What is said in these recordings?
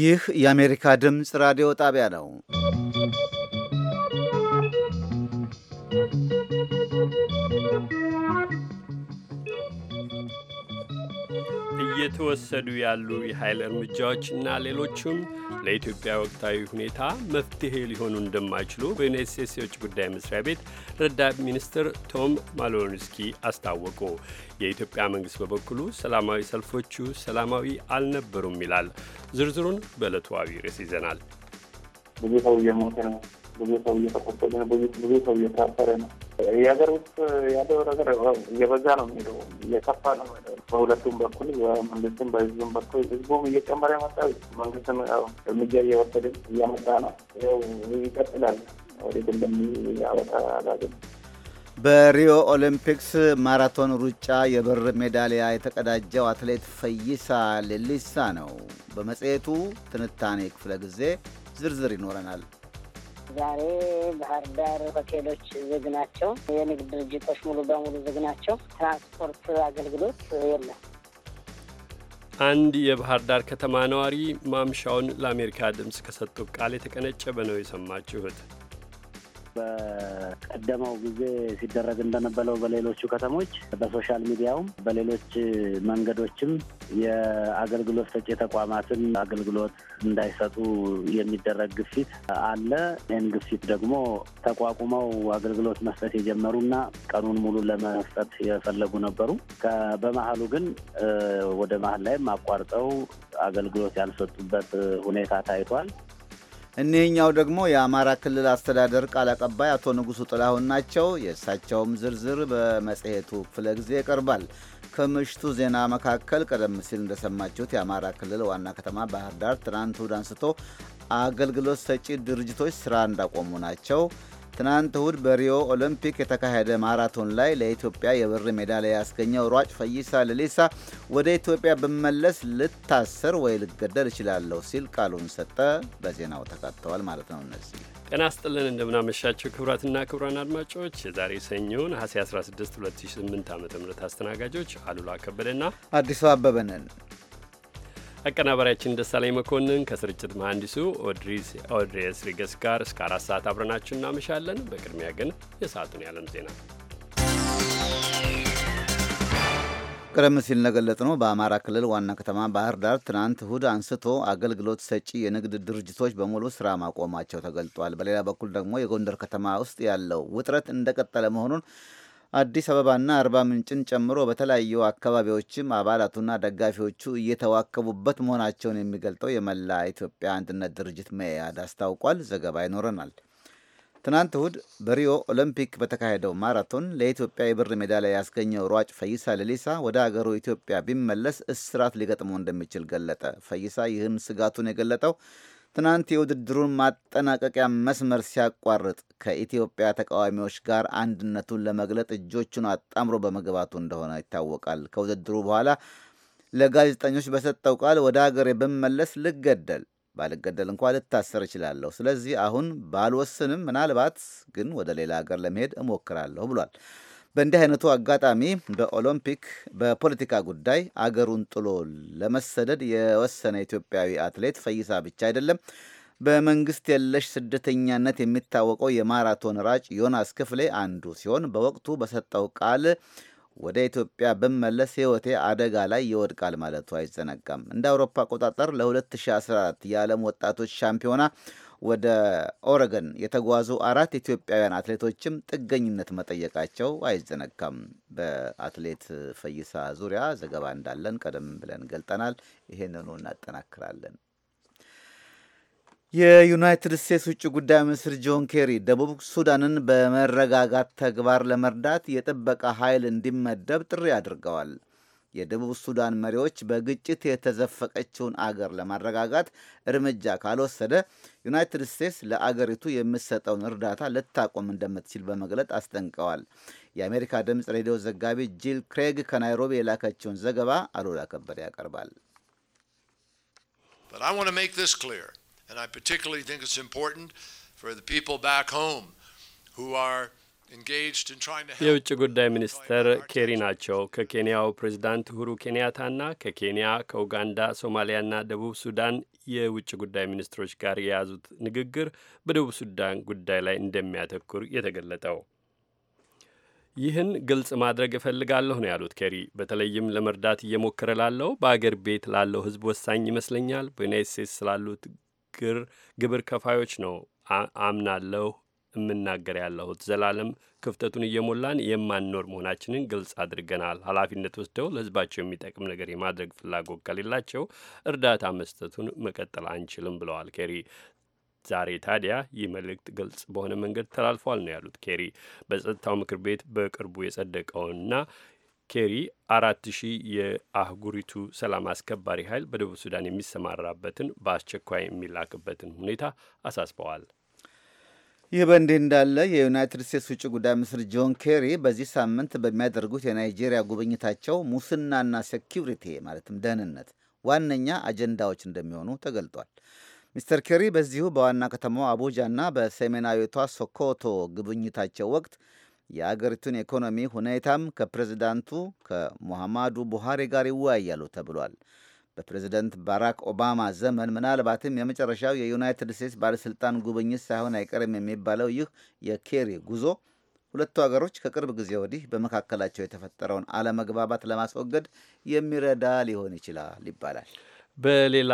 ይህ የአሜሪካ ድምፅ ራዲዮ ጣቢያ ነው። እየተወሰዱ ያሉ የኃይል እርምጃዎችና ሌሎቹም ለኢትዮጵያ ወቅታዊ ሁኔታ መፍትሄ ሊሆኑ እንደማይችሉ በዩናይት ስቴትስ የውጭ ጉዳይ መስሪያ ቤት ረዳት ሚኒስትር ቶም ማሎንስኪ አስታወቁ። የኢትዮጵያ መንግስት በበኩሉ ሰላማዊ ሰልፎቹ ሰላማዊ አልነበሩም ይላል። ዝርዝሩን በዕለቱ አቢይ ርዕስ ይዘናል። ብዙ ሰው እየሞተ ነው። ብዙ ሰው እየተቆጠለ ነው። ብዙ ሰው እየታፈረ ነው። የሀገር ውስጥ ያለው ነገር እየበዛ ነው የሚሄደው፣ እየከፋ ነው። በሁለቱም በኩል በመንግስትም በህዝቡም በኩል ህዝቡም እየጨመረ መጣ፣ መንግስትም እርምጃ እየወሰድን እያመጣ ነው። ያው ይቀጥላል። ወዴት እንደሚያወጣ አላውቅም። በሪዮ ኦሊምፒክስ ማራቶን ሩጫ የብር ሜዳሊያ የተቀዳጀው አትሌት ፈይሳ ሌሊሳ ነው። በመጽሔቱ ትንታኔ ክፍለ ጊዜ ዝርዝር ይኖረናል። ዛሬ ባህር ዳር ሆቴሎች ዝግ ናቸው። የንግድ ድርጅቶች ሙሉ በሙሉ ዝግ ናቸው። ትራንስፖርት አገልግሎት የለም። አንድ የባህር ዳር ከተማ ነዋሪ ማምሻውን ለአሜሪካ ድምፅ ከሰጡት ቃል የተቀነጨበ ነው የሰማችሁት። በቀደመው ጊዜ ሲደረግ እንደነበረው በሌሎቹ ከተሞች በሶሻል ሚዲያውም በሌሎች መንገዶችም የአገልግሎት ሰጪ ተቋማትን አገልግሎት እንዳይሰጡ የሚደረግ ግፊት አለ። ይህን ግፊት ደግሞ ተቋቁመው አገልግሎት መስጠት የጀመሩና ቀኑን ሙሉ ለመስጠት የፈለጉ ነበሩ። በመሀሉ ግን ወደ መሀል ላይም አቋርጠው አገልግሎት ያልሰጡበት ሁኔታ ታይቷል። እኒህኛው ደግሞ የአማራ ክልል አስተዳደር ቃል አቀባይ አቶ ንጉሱ ጥላሁን ናቸው። የእሳቸውም ዝርዝር በመጽሔቱ ክፍለ ጊዜ ይቀርባል። ከምሽቱ ዜና መካከል ቀደም ሲል እንደሰማችሁት የአማራ ክልል ዋና ከተማ ባህር ዳር ትናንት እሁድ አንስቶ አገልግሎት ሰጪ ድርጅቶች ስራ እንዳቆሙ ናቸው። ትናንት እሁድ በሪዮ ኦሎምፒክ የተካሄደ ማራቶን ላይ ለኢትዮጵያ የብር ሜዳሊያ ያስገኘው ሯጭ ፈይሳ ሌሊሳ ወደ ኢትዮጵያ ብመለስ ልታሰር ወይ ልገደል እችላለሁ ሲል ቃሉን ሰጠ። በዜናው ተካተዋል ማለት ነው። እነዚህ ጤና ስጥልን እንደምናመሻቸው ክቡራትና ክቡራን አድማጮች የዛሬ ሰኞን ነሐሴ 16 2008 ዓ ም አስተናጋጆች አሉላ ከበደና አዲሱ አበበ ነን። አቀናባሪያችን ደሳለኝ መኮንን ከስርጭት መሐንዲሱ ኦድሬስ ሪገስ ጋር እስከ አራት ሰዓት አብረናችሁ እናመሻለን። በቅድሚያ ግን የሰዓቱን ያለም ዜና ቀደም ሲል ነው። በአማራ ክልል ዋና ከተማ ባህር ዳር ትናንት እሁድ አንስቶ አገልግሎት ሰጪ የንግድ ድርጅቶች በሙሉ ስራ ማቆማቸው ተገልጧል። በሌላ በኩል ደግሞ የጎንደር ከተማ ውስጥ ያለው ውጥረት እንደቀጠለ መሆኑን አዲስ አበባና አርባ ምንጭን ጨምሮ በተለያዩ አካባቢዎችም አባላቱና ደጋፊዎቹ እየተዋከቡበት መሆናቸውን የሚገልጠው የመላ ኢትዮጵያ አንድነት ድርጅት መያድ አስታውቋል። ዘገባ ይኖረናል። ትናንት እሁድ በሪዮ ኦሎምፒክ በተካሄደው ማራቶን ለኢትዮጵያ የብር ሜዳሊያ ያስገኘው ሯጭ ፈይሳ ሌሊሳ ወደ አገሩ ኢትዮጵያ ቢመለስ እስራት ሊገጥመው እንደሚችል ገለጠ። ፈይሳ ይህን ስጋቱን የገለጠው ትናንት የውድድሩን ማጠናቀቂያ መስመር ሲያቋርጥ ከኢትዮጵያ ተቃዋሚዎች ጋር አንድነቱን ለመግለጥ እጆቹን አጣምሮ በመግባቱ እንደሆነ ይታወቃል። ከውድድሩ በኋላ ለጋዜጠኞች በሰጠው ቃል ወደ አገሬ ብመለስ ልገደል፣ ባልገደል እንኳ ልታሰር እችላለሁ። ስለዚህ አሁን ባልወስንም፣ ምናልባት ግን ወደ ሌላ ሀገር ለመሄድ እሞክራለሁ ብሏል። በእንዲህ አይነቱ አጋጣሚ በኦሎምፒክ በፖለቲካ ጉዳይ አገሩን ጥሎ ለመሰደድ የወሰነ ኢትዮጵያዊ አትሌት ፈይሳ ብቻ አይደለም። በመንግስት የለሽ ስደተኛነት የሚታወቀው የማራቶን ራጭ ዮናስ ክፍሌ አንዱ ሲሆን በወቅቱ በሰጠው ቃል ወደ ኢትዮጵያ ብመለስ ሕይወቴ አደጋ ላይ ይወድቃል ማለቱ አይዘነጋም። እንደ አውሮፓ አቆጣጠር ለ2014 የዓለም ወጣቶች ሻምፒዮና ወደ ኦረገን የተጓዙ አራት ኢትዮጵያውያን አትሌቶችም ጥገኝነት መጠየቃቸው አይዘነጋም። በአትሌት ፈይሳ ዙሪያ ዘገባ እንዳለን ቀደም ብለን ገልጠናል። ይሄንኑ እናጠናክራለን። የዩናይትድ ስቴትስ ውጭ ጉዳይ ሚኒስትር ጆን ኬሪ ደቡብ ሱዳንን በመረጋጋት ተግባር ለመርዳት የጥበቃ ኃይል እንዲመደብ ጥሪ አድርገዋል። የደቡብ ሱዳን መሪዎች በግጭት የተዘፈቀችውን አገር ለማረጋጋት እርምጃ ካልወሰደ ዩናይትድ ስቴትስ ለአገሪቱ የምትሰጠውን እርዳታ ልታቆም እንደምትችል በመግለጥ አስጠንቀዋል። የአሜሪካ ድምፅ ሬዲዮ ዘጋቢ ጂል ክሬግ ከናይሮቢ የላከችውን ዘገባ አሉላ ከበደ ያቀርባል። ሪሊ የውጭ ጉዳይ ሚኒስተር ኬሪ ናቸው። ከኬንያው ፕሬዚዳንት ሁሩ ኬንያታና ከኬንያ ከኡጋንዳ፣ ሶማሊያና ደቡብ ሱዳን የውጭ ጉዳይ ሚኒስትሮች ጋር የያዙት ንግግር በደቡብ ሱዳን ጉዳይ ላይ እንደሚያተኩር የተገለጠው ይህን ግልጽ ማድረግ እፈልጋለሁ ነው ያሉት ኬሪ። በተለይም ለመርዳት እየሞከረ ላለው በአገር ቤት ላለው ሕዝብ ወሳኝ ይመስለኛል። በዩናይት ስቴትስ ስላሉት ግብር ከፋዮች ነው አምናለሁ እምናገር ያለሁት ዘላለም ክፍተቱን እየሞላን የማንኖር መሆናችንን ግልጽ አድርገናል። ኃላፊነት ወስደው ለህዝባቸው የሚጠቅም ነገር የማድረግ ፍላጎት ከሌላቸው እርዳታ መስጠቱን መቀጠል አንችልም ብለዋል ኬሪ። ዛሬ ታዲያ ይህ መልእክት ግልጽ በሆነ መንገድ ተላልፏል ነው ያሉት ኬሪ። በጸጥታው ምክር ቤት በቅርቡ የጸደቀውንና ኬሪ አራት ሺህ የአህጉሪቱ ሰላም አስከባሪ ኃይል በደቡብ ሱዳን የሚሰማራበትን በአስቸኳይ የሚላክበትን ሁኔታ አሳስበዋል። ይህ በእንዲህ እንዳለ የዩናይትድ ስቴትስ ውጭ ጉዳይ ሚኒስትር ጆን ኬሪ በዚህ ሳምንት በሚያደርጉት የናይጄሪያ ጉብኝታቸው ሙስናና ሴኪሪቲ ማለትም ደህንነት ዋነኛ አጀንዳዎች እንደሚሆኑ ተገልጧል። ሚስተር ኬሪ በዚሁ በዋና ከተማዋ አቡጃና በሰሜናዊቷ ሶኮቶ ጉብኝታቸው ወቅት የአገሪቱን የኢኮኖሚ ሁኔታም ከፕሬዚዳንቱ ከሙሐማዱ ቡሃሪ ጋር ይወያያሉ ተብሏል። በፕሬዝደንት ባራክ ኦባማ ዘመን ምናልባትም የመጨረሻው የዩናይትድ ስቴትስ ባለሥልጣን ጉብኝት ሳይሆን አይቀርም የሚባለው ይህ የኬሪ ጉዞ ሁለቱ ሀገሮች ከቅርብ ጊዜ ወዲህ በመካከላቸው የተፈጠረውን አለመግባባት ለማስወገድ የሚረዳ ሊሆን ይችላል ይባላል። በሌላ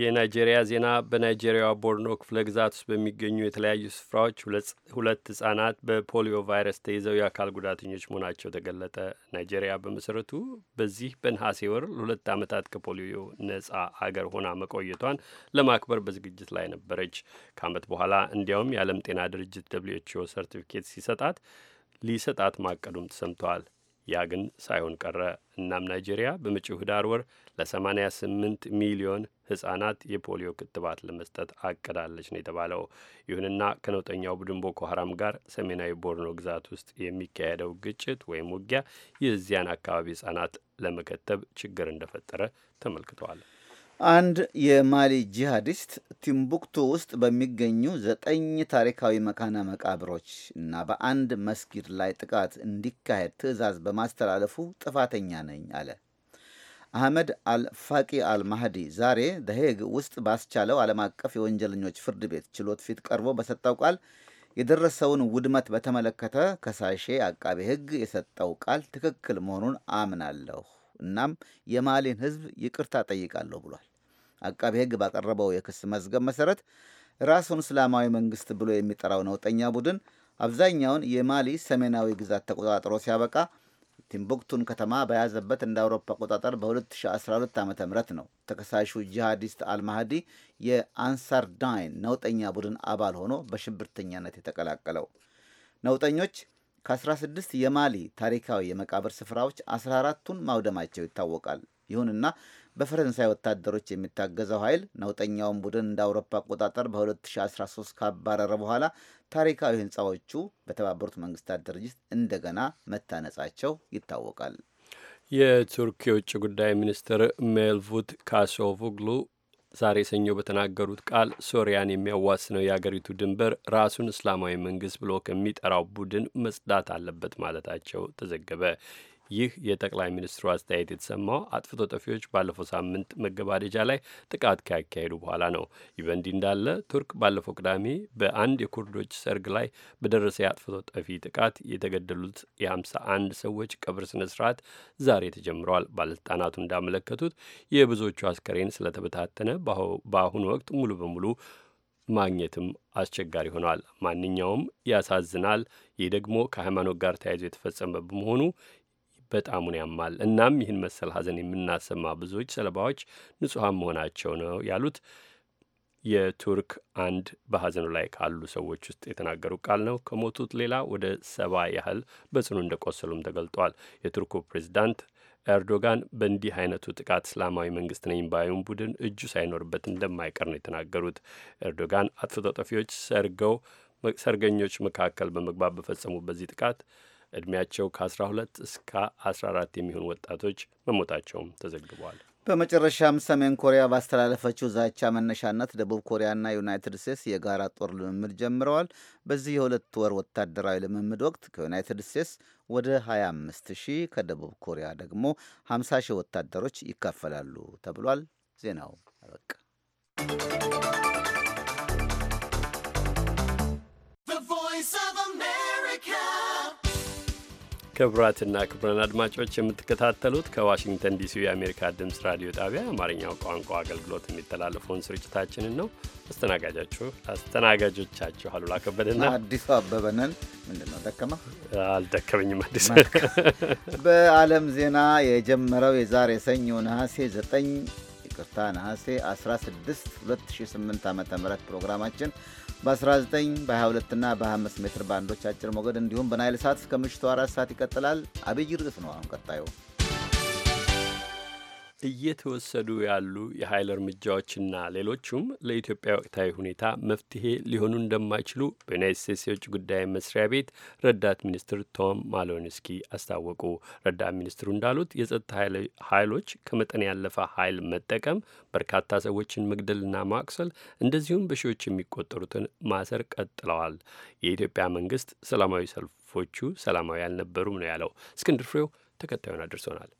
የናይጄሪያ ዜና በናይጄሪያ ቦርኖ ክፍለ ግዛት ውስጥ በሚገኙ የተለያዩ ስፍራዎች ሁለት ህጻናት በፖሊዮ ቫይረስ ተይዘው የአካል ጉዳተኞች መሆናቸው ተገለጠ። ናይጄሪያ በመሰረቱ በዚህ በነሐሴ ወር ለሁለት ዓመታት ከፖሊዮ ነጻ አገር ሆና መቆየቷን ለማክበር በዝግጅት ላይ ነበረች። ከዓመት በኋላ እንዲያውም የዓለም ጤና ድርጅት ደብሊው ሰርቲፊኬት ሲሰጣት ሊሰጣት ማቀዱም ተሰምተዋል። ያ ግን ሳይሆን ቀረ። እናም ናይጄሪያ በመጪው ህዳር ወር ለ88 ሚሊዮን ህጻናት የፖሊዮ ክትባት ለመስጠት አቅዳለች ነው የተባለው። ይሁንና ከነውጠኛው ቡድን ቦኮ ሀራም ጋር ሰሜናዊ ቦርኖ ግዛት ውስጥ የሚካሄደው ግጭት ወይም ውጊያ የዚያን አካባቢ ህጻናት ለመከተብ ችግር እንደፈጠረ ተመልክተዋል። አንድ የማሊ ጂሃዲስት ቲምቡክቱ ውስጥ በሚገኙ ዘጠኝ ታሪካዊ መካና መቃብሮች እና በአንድ መስጊድ ላይ ጥቃት እንዲካሄድ ትዕዛዝ በማስተላለፉ ጥፋተኛ ነኝ አለ። አህመድ አልፋቂ አልማህዲ ዛሬ ደሄግ ውስጥ ባስቻለው ዓለም አቀፍ የወንጀለኞች ፍርድ ቤት ችሎት ፊት ቀርቦ በሰጠው ቃል የደረሰውን ውድመት በተመለከተ ከሳሼ አቃቤ ሕግ የሰጠው ቃል ትክክል መሆኑን አምናለሁ እናም የማሊን ህዝብ ይቅርታ ጠይቃለሁ ብሏል። አቃቤ ህግ ባቀረበው የክስ መዝገብ መሰረት ራሱን እስላማዊ መንግስት ብሎ የሚጠራው ነውጠኛ ቡድን አብዛኛውን የማሊ ሰሜናዊ ግዛት ተቆጣጥሮ ሲያበቃ ቲምቡክቱን ከተማ በያዘበት እንደ አውሮፓ አቆጣጠር በ2012 ዓ ም ነው። ተከሳሹ ጂሃዲስት አልማህዲ የአንሳር ዳይን ነውጠኛ ቡድን አባል ሆኖ በሽብርተኛነት የተቀላቀለው። ነውጠኞች ከ16 የማሊ ታሪካዊ የመቃብር ስፍራዎች 14ቱን ማውደማቸው ይታወቃል። ይሁንና በፈረንሳይ ወታደሮች የሚታገዘው ኃይል ነውጠኛውን ቡድን እንደ አውሮፓ አቆጣጠር በ2013 ካባረረ በኋላ ታሪካዊ ህንፃዎቹ በተባበሩት መንግስታት ድርጅት እንደገና መታነጻቸው ይታወቃል። የቱርክ የውጭ ጉዳይ ሚኒስትር ሜልቡት ካሶቭግሉ ዛሬ ሰኞ በተናገሩት ቃል ሶሪያን የሚያዋስነው የአገሪቱ ድንበር ራሱን እስላማዊ መንግስት ብሎ ከሚጠራው ቡድን መጽዳት አለበት ማለታቸው ተዘገበ። ይህ የጠቅላይ ሚኒስትሩ አስተያየት የተሰማው አጥፍቶ ጠፊዎች ባለፈው ሳምንት መገባደጃ ላይ ጥቃት ካካሄዱ በኋላ ነው። ይህ በእንዲህ እንዳለ ቱርክ ባለፈው ቅዳሜ በአንድ የኩርዶች ሰርግ ላይ በደረሰ የአጥፍቶ ጠፊ ጥቃት የተገደሉት የ51 ሰዎች ቀብር ስነ ስርዓት ዛሬ ተጀምረዋል። ባለስልጣናቱ እንዳመለከቱት የብዙዎቹ አስከሬን ስለተበታተነ በአሁኑ ወቅት ሙሉ በሙሉ ማግኘትም አስቸጋሪ ሆኗል። ማንኛውም ያሳዝናል። ይህ ደግሞ ከሃይማኖት ጋር ተያይዞ የተፈጸመ በመሆኑ በጣሙን ያማል። እናም ይህን መሰል ሀዘን የምናሰማ ብዙዎች ሰለባዎች ንጹሐን መሆናቸው ነው ያሉት የቱርክ አንድ በሀዘኑ ላይ ካሉ ሰዎች ውስጥ የተናገሩ ቃል ነው። ከሞቱት ሌላ ወደ ሰባ ያህል በጽኑ እንደቆሰሉም ተገልጧል። የቱርኩ ፕሬዚዳንት ኤርዶጋን በእንዲህ አይነቱ ጥቃት እስላማዊ መንግስት ነኝ ባዩን ቡድን እጁ ሳይኖርበት እንደማይቀር ነው የተናገሩት። ኤርዶጋን አጥፍቶ ጠፊዎች ሰርገው ሰርገኞች መካከል በመግባት በፈጸሙ በዚህ ጥቃት እድሜያቸው ከ12 እስከ 14 የሚሆኑ ወጣቶች መሞታቸውም ተዘግበዋል። በመጨረሻም ሰሜን ኮሪያ ባስተላለፈችው ዛቻ መነሻነት ደቡብ ኮሪያና ዩናይትድ ስቴትስ የጋራ ጦር ልምምድ ጀምረዋል። በዚህ የሁለት ወር ወታደራዊ ልምምድ ወቅት ከዩናይትድ ስቴትስ ወደ 25 ሺህ ከደቡብ ኮሪያ ደግሞ 50 ሺህ ወታደሮች ይካፈላሉ ተብሏል። ዜናው አበቃ። ክቡራትና ክቡራን አድማጮች የምትከታተሉት ከዋሽንግተን ዲሲ የአሜሪካ ድምፅ ራዲዮ ጣቢያ የአማርኛው ቋንቋ አገልግሎት የሚተላለፈውን ስርጭታችንን ነው። አስተናጋጃችሁ አስተናጋጆቻችሁ አሉላ ከበደና አዲሱ አበበነን። ምንድነው ደከመ አልደከመኝም። አዲስ በዓለም ዜና የጀመረው የዛሬ ሰኞ ነሐሴ 9 ይቅርታ ነሐሴ 16 2008 ዓ ም ፕሮግራማችን በ19 በ22 እና በ25 ሜትር ባንዶች አጭር ሞገድ እንዲሁም በናይል ሳት እስከ ምሽቱ አራት ሰዓት ይቀጥላል። አብይ ርዕስ ነው አሁን ቀጣዩ እየተወሰዱ ያሉ የኃይል እርምጃዎችና ሌሎቹም ለኢትዮጵያ ወቅታዊ ሁኔታ መፍትሄ ሊሆኑ እንደማይችሉ በዩናይት ስቴትስ የውጭ ጉዳይ መስሪያ ቤት ረዳት ሚኒስትር ቶም ማሎንስኪ አስታወቁ። ረዳት ሚኒስትሩ እንዳሉት የጸጥታ ኃይሎች ከመጠን ያለፈ ኃይል መጠቀም፣ በርካታ ሰዎችን መግደልና ማቁሰል፣ እንደዚሁም በሺዎች የሚቆጠሩትን ማሰር ቀጥለዋል። የኢትዮጵያ መንግስት ሰላማዊ ሰልፎቹ ሰላማዊ አልነበሩም ነው ያለው። እስክንድር ፍሬው ተከታዩን አድርሶናል።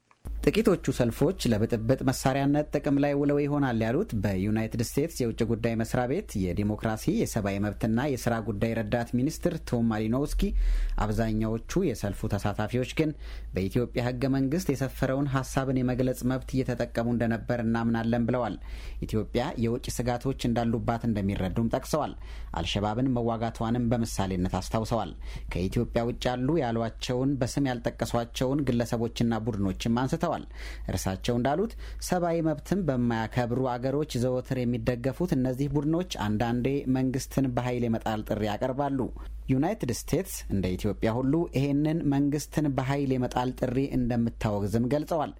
ጥቂቶቹ ሰልፎች ለብጥብጥ መሳሪያነት ጥቅም ላይ ውለው ይሆናል ያሉት በዩናይትድ ስቴትስ የውጭ ጉዳይ መስሪያ ቤት የዲሞክራሲ የሰብአዊ መብትና የስራ ጉዳይ ረዳት ሚኒስትር ቶም ማሊኖውስኪ፣ አብዛኛዎቹ የሰልፉ ተሳታፊዎች ግን በኢትዮጵያ ህገ መንግስት የሰፈረውን ሀሳብን የመግለጽ መብት እየተጠቀሙ እንደነበር እናምናለን ብለዋል። ኢትዮጵያ የውጭ ስጋቶች እንዳሉባት እንደሚረዱም ጠቅሰዋል። አልሸባብን መዋጋቷንም በምሳሌነት አስታውሰዋል። ከኢትዮጵያ ውጭ ያሉ ያሏቸውን በስም ያልጠቀሷቸውን ግለሰቦችና ቡድኖችም አንስተዋል። ገልጸዋል። እርሳቸው እንዳሉት ሰብአዊ መብትን በማያከብሩ አገሮች ዘወትር የሚደገፉት እነዚህ ቡድኖች አንዳንዴ መንግስትን በኃይል የመጣል ጥሪ ያቀርባሉ። ዩናይትድ ስቴትስ እንደ ኢትዮጵያ ሁሉ ይሄንን መንግስትን በኃይል የመጣል ጥሪ እንደምታወግዝም ገልጸዋል።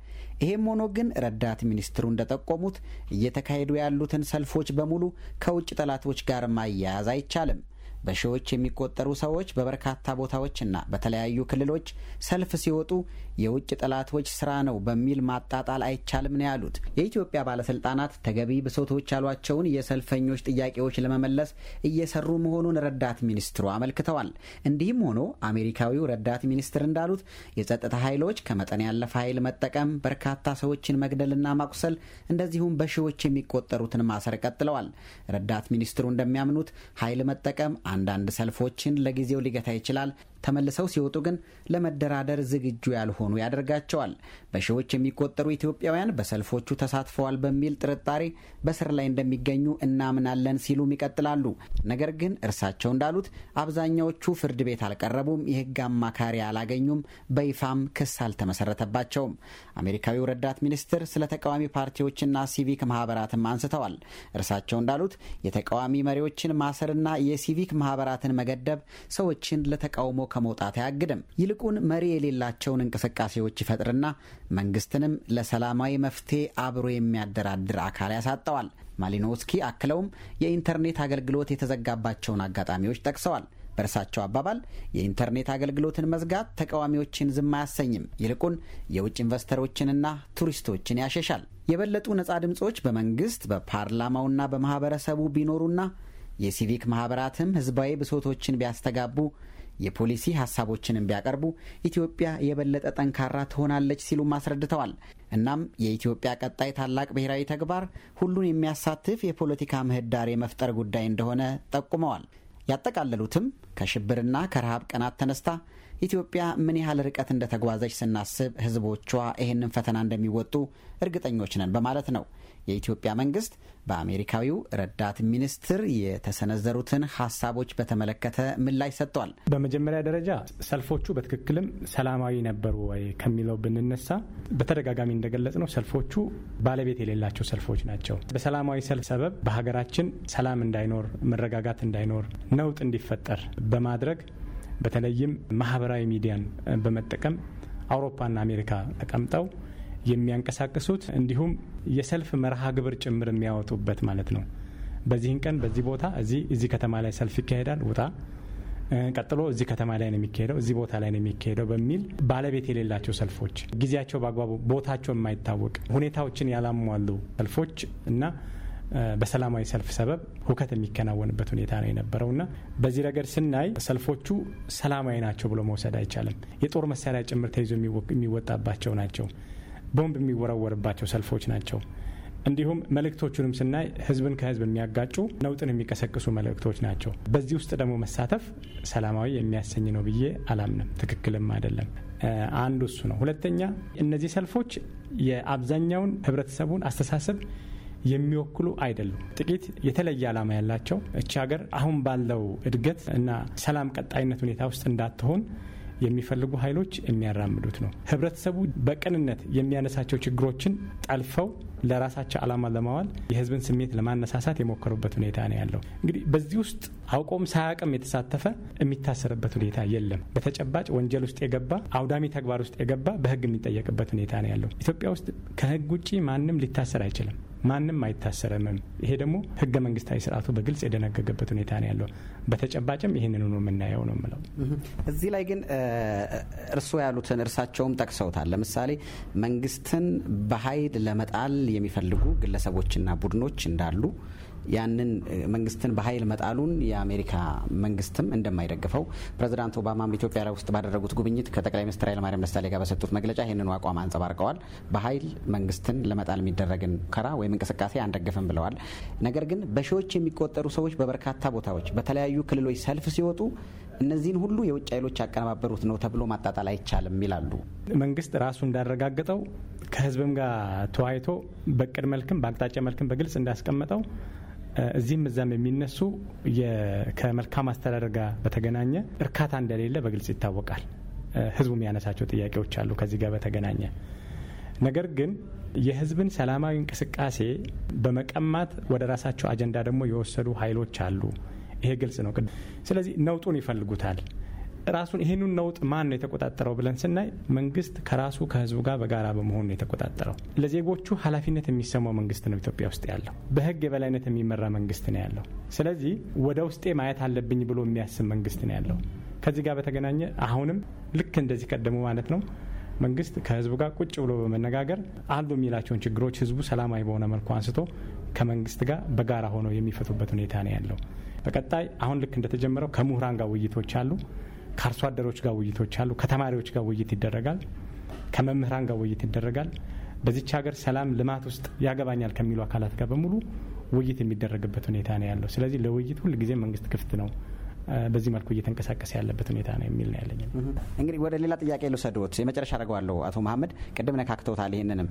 ይሄም ሆኖ ግን ረዳት ሚኒስትሩ እንደጠቆሙት እየተካሄዱ ያሉትን ሰልፎች በሙሉ ከውጭ ጠላቶች ጋር ማያያዝ አይቻልም። በሺዎች የሚቆጠሩ ሰዎች በበርካታ ቦታዎችና በተለያዩ ክልሎች ሰልፍ ሲወጡ የውጭ ጠላቶች ስራ ነው በሚል ማጣጣል አይቻልም ነው ያሉት። የኢትዮጵያ ባለስልጣናት ተገቢ ብሶቶች ያሏቸውን የሰልፈኞች ጥያቄዎች ለመመለስ እየሰሩ መሆኑን ረዳት ሚኒስትሩ አመልክተዋል። እንዲህም ሆኖ አሜሪካዊው ረዳት ሚኒስትር እንዳሉት የጸጥታ ኃይሎች ከመጠን ያለፈ ኃይል መጠቀም፣ በርካታ ሰዎችን መግደልና ማቁሰል፣ እንደዚሁም በሺዎች የሚቆጠሩትን ማሰር ቀጥለዋል። ረዳት ሚኒስትሩ እንደሚያምኑት ኃይል መጠቀም አንዳንድ ሰልፎችን ለጊዜው ሊገታ ይችላል። ተመልሰው ሲወጡ ግን ለመደራደር ዝግጁ ያልሆኑ ያደርጋቸዋል። በሺዎች የሚቆጠሩ ኢትዮጵያውያን በሰልፎቹ ተሳትፈዋል በሚል ጥርጣሬ በስር ላይ እንደሚገኙ እናምናለን ሲሉም ይቀጥላሉ። ነገር ግን እርሳቸው እንዳሉት አብዛኛዎቹ ፍርድ ቤት አልቀረቡም፣ የህግ አማካሪ አላገኙም፣ በይፋም ክስ አልተመሰረተባቸውም። አሜሪካዊው ረዳት ሚኒስትር ስለ ተቃዋሚ ፓርቲዎችና ሲቪክ ማህበራትም አንስተዋል። እርሳቸው እንዳሉት የተቃዋሚ መሪዎችን ማሰርና የሲቪክ ማህበራትን መገደብ ሰዎችን ለተቃውሞ ከመውጣት አያግድም። ይልቁን መሪ የሌላቸውን እንቅስቃሴዎች ይፈጥርና መንግስትንም ለሰላማዊ መፍትሄ አብሮ የሚያደራድር አካል ያሳጠዋል። ማሊኖስኪ አክለውም የኢንተርኔት አገልግሎት የተዘጋባቸውን አጋጣሚዎች ጠቅሰዋል። በእርሳቸው አባባል የኢንተርኔት አገልግሎትን መዝጋት ተቃዋሚዎችን ዝም አያሰኝም፣ ይልቁን የውጭ ኢንቨስተሮችንና ቱሪስቶችን ያሸሻል። የበለጡ ነጻ ድምፆች በመንግስት በፓርላማውና በማህበረሰቡ ቢኖሩና የሲቪክ ማህበራትም ህዝባዊ ብሶቶችን ቢያስተጋቡ የፖሊሲ ሀሳቦችንም ቢያቀርቡ ኢትዮጵያ የበለጠ ጠንካራ ትሆናለች ሲሉም አስረድተዋል። እናም የኢትዮጵያ ቀጣይ ታላቅ ብሔራዊ ተግባር ሁሉን የሚያሳትፍ የፖለቲካ ምህዳር የመፍጠር ጉዳይ እንደሆነ ጠቁመዋል። ያጠቃለሉትም ከሽብርና ከረሃብ ቀናት ተነስታ ኢትዮጵያ ምን ያህል ርቀት እንደተጓዘች ስናስብ ህዝቦቿ ይህንን ፈተና እንደሚወጡ እርግጠኞች ነን በማለት ነው። የኢትዮጵያ መንግስት በአሜሪካዊው ረዳት ሚኒስትር የተሰነዘሩትን ሀሳቦች በተመለከተ ምላሽ ሰጥቷል። በመጀመሪያ ደረጃ ሰልፎቹ በትክክልም ሰላማዊ ነበሩ ወይ ከሚለው ብንነሳ በተደጋጋሚ እንደገለጽ ነው ሰልፎቹ ባለቤት የሌላቸው ሰልፎች ናቸው። በሰላማዊ ሰልፍ ሰበብ በሀገራችን ሰላም እንዳይኖር፣ መረጋጋት እንዳይኖር፣ ነውጥ እንዲፈጠር በማድረግ በተለይም ማህበራዊ ሚዲያን በመጠቀም አውሮፓና አሜሪካ ተቀምጠው የሚያንቀሳቅሱት እንዲሁም የሰልፍ መርሃ ግብር ጭምር የሚያወጡበት ማለት ነው። በዚህን ቀን በዚህ ቦታ እዚህ እዚህ ከተማ ላይ ሰልፍ ይካሄዳል፣ ውጣ ቀጥሎ እዚህ ከተማ ላይ ነው የሚካሄደው፣ እዚህ ቦታ ላይ ነው የሚካሄደው በሚል ባለቤት የሌላቸው ሰልፎች፣ ጊዜያቸው በአግባቡ ቦታቸው የማይታወቅ ሁኔታዎችን ያላሟሉ ሰልፎች እና በሰላማዊ ሰልፍ ሰበብ ሁከት የሚከናወንበት ሁኔታ ነው የነበረው እና በዚህ ረገድ ስናይ ሰልፎቹ ሰላማዊ ናቸው ብሎ መውሰድ አይቻልም። የጦር መሳሪያ ጭምር ተይዞ የሚወጣባቸው ናቸው። ቦምብ የሚወረወርባቸው ሰልፎች ናቸው። እንዲሁም መልእክቶቹንም ስናይ ህዝብን ከህዝብ የሚያጋጩ ነውጥን የሚቀሰቅሱ መልእክቶች ናቸው። በዚህ ውስጥ ደግሞ መሳተፍ ሰላማዊ የሚያሰኝ ነው ብዬ አላምንም፣ ትክክልም አይደለም። አንዱ እሱ ነው። ሁለተኛ እነዚህ ሰልፎች የአብዛኛውን ህብረተሰቡን አስተሳሰብ የሚወክሉ አይደሉም። ጥቂት የተለየ ዓላማ ያላቸው እቺ ሀገር አሁን ባለው እድገት እና ሰላም ቀጣይነት ሁኔታ ውስጥ እንዳትሆን የሚፈልጉ ኃይሎች የሚያራምዱት ነው። ህብረተሰቡ በቅንነት የሚያነሳቸው ችግሮችን ጠልፈው ለራሳቸው ዓላማ ለማዋል የህዝብን ስሜት ለማነሳሳት የሞከሩበት ሁኔታ ነው ያለው። እንግዲህ በዚህ ውስጥ አውቆም ሳያቅም የተሳተፈ የሚታሰርበት ሁኔታ የለም። በተጨባጭ ወንጀል ውስጥ የገባ አውዳሚ ተግባር ውስጥ የገባ በህግ የሚጠየቅበት ሁኔታ ነው ያለው። ኢትዮጵያ ውስጥ ከህግ ውጭ ማንም ሊታሰር አይችልም። ማንም አይታሰረምም። ይሄ ደግሞ ህገ መንግስታዊ ስርዓቱ በግልጽ የደነገገበት ሁኔታ ነው ያለው። በተጨባጭም ይህንን ነው የምናየው ነው የምለው። እዚህ ላይ ግን እርስዎ ያሉትን እርሳቸውም ጠቅሰውታል። ለምሳሌ መንግስትን በኃይል ለመጣል የሚፈልጉ ግለሰቦችና ቡድኖች እንዳሉ ያንን መንግስትን በኃይል መጣሉን የአሜሪካ መንግስትም እንደማይደግፈው ፕሬዚዳንት ኦባማም ኢትዮጵያ ውስጥ ባደረጉት ጉብኝት ከጠቅላይ ሚኒስትር ኃይለማርያም ደሳሌ ጋር በሰጡት መግለጫ ይህንኑ አቋም አንጸባርቀዋል። በኃይል መንግስትን ለመጣል የሚደረግን ሙከራ ወይም እንቅስቃሴ አንደግፍም ብለዋል። ነገር ግን በሺዎች የሚቆጠሩ ሰዎች በበርካታ ቦታዎች በተለያዩ ክልሎች ሰልፍ ሲወጡ እነዚህን ሁሉ የውጭ ኃይሎች ያቀነባበሩት ነው ተብሎ ማጣጣል አይቻልም ይላሉ። መንግስት ራሱ እንዳረጋገጠው ከህዝብም ጋር ተዋይቶ በቅድ መልክም በአቅጣጫ መልክም በግልጽ እንዳስቀመጠው እዚህም እዛም የሚነሱ ከመልካም አስተዳደር ጋር በተገናኘ እርካታ እንደሌለ በግልጽ ይታወቃል። ህዝቡ የሚያነሳቸው ጥያቄዎች አሉ ከዚህ ጋር በተገናኘ ነገር ግን የህዝብን ሰላማዊ እንቅስቃሴ በመቀማት ወደ ራሳቸው አጀንዳ ደግሞ የወሰዱ ኃይሎች አሉ። ይሄ ግልጽ ነው። ስለዚህ ነውጡን ይፈልጉታል። ራሱን ይህንን ነውጥ ማን ነው የተቆጣጠረው ብለን ስናይ መንግስት ከራሱ ከህዝቡ ጋር በጋራ በመሆኑ ነው የተቆጣጠረው። ለዜጎቹ ኃላፊነት የሚሰማው መንግስት ነው ኢትዮጵያ ውስጥ ያለው። በህግ የበላይነት የሚመራ መንግስት ነው ያለው። ስለዚህ ወደ ውስጤ ማየት አለብኝ ብሎ የሚያስብ መንግስት ነው ያለው። ከዚህ ጋር በተገናኘ አሁንም ልክ እንደዚህ ቀደሙ ማለት ነው መንግስት ከህዝቡ ጋር ቁጭ ብሎ በመነጋገር አሉ የሚላቸውን ችግሮች ህዝቡ ሰላማዊ በሆነ መልኩ አንስቶ ከመንግስት ጋር በጋራ ሆነው የሚፈቱበት ሁኔታ ነው ያለው። በቀጣይ አሁን ልክ እንደተጀመረው ከምሁራን ጋር ውይይቶች አሉ። ከአርሶ አደሮች ጋር ውይይቶች አሉ። ከተማሪዎች ጋር ውይይት ይደረጋል። ከመምህራን ጋር ውይይት ይደረጋል። በዚች ሀገር ሰላም፣ ልማት ውስጥ ያገባኛል ከሚሉ አካላት ጋር በሙሉ ውይይት የሚደረግበት ሁኔታ ነው ያለው። ስለዚህ ለውይይት ሁልጊዜ መንግስት ክፍት ነው። በዚህ መልኩ እየተንቀሳቀሰ ያለበት ሁኔታ ነው የሚል ነው ያለኝ። እንግዲህ ወደ ሌላ ጥያቄ ልውሰድዎት፣ የመጨረሻ አደርገዋለሁ። አቶ መሀመድ ቅድም ነካክተውታል። ይህንንም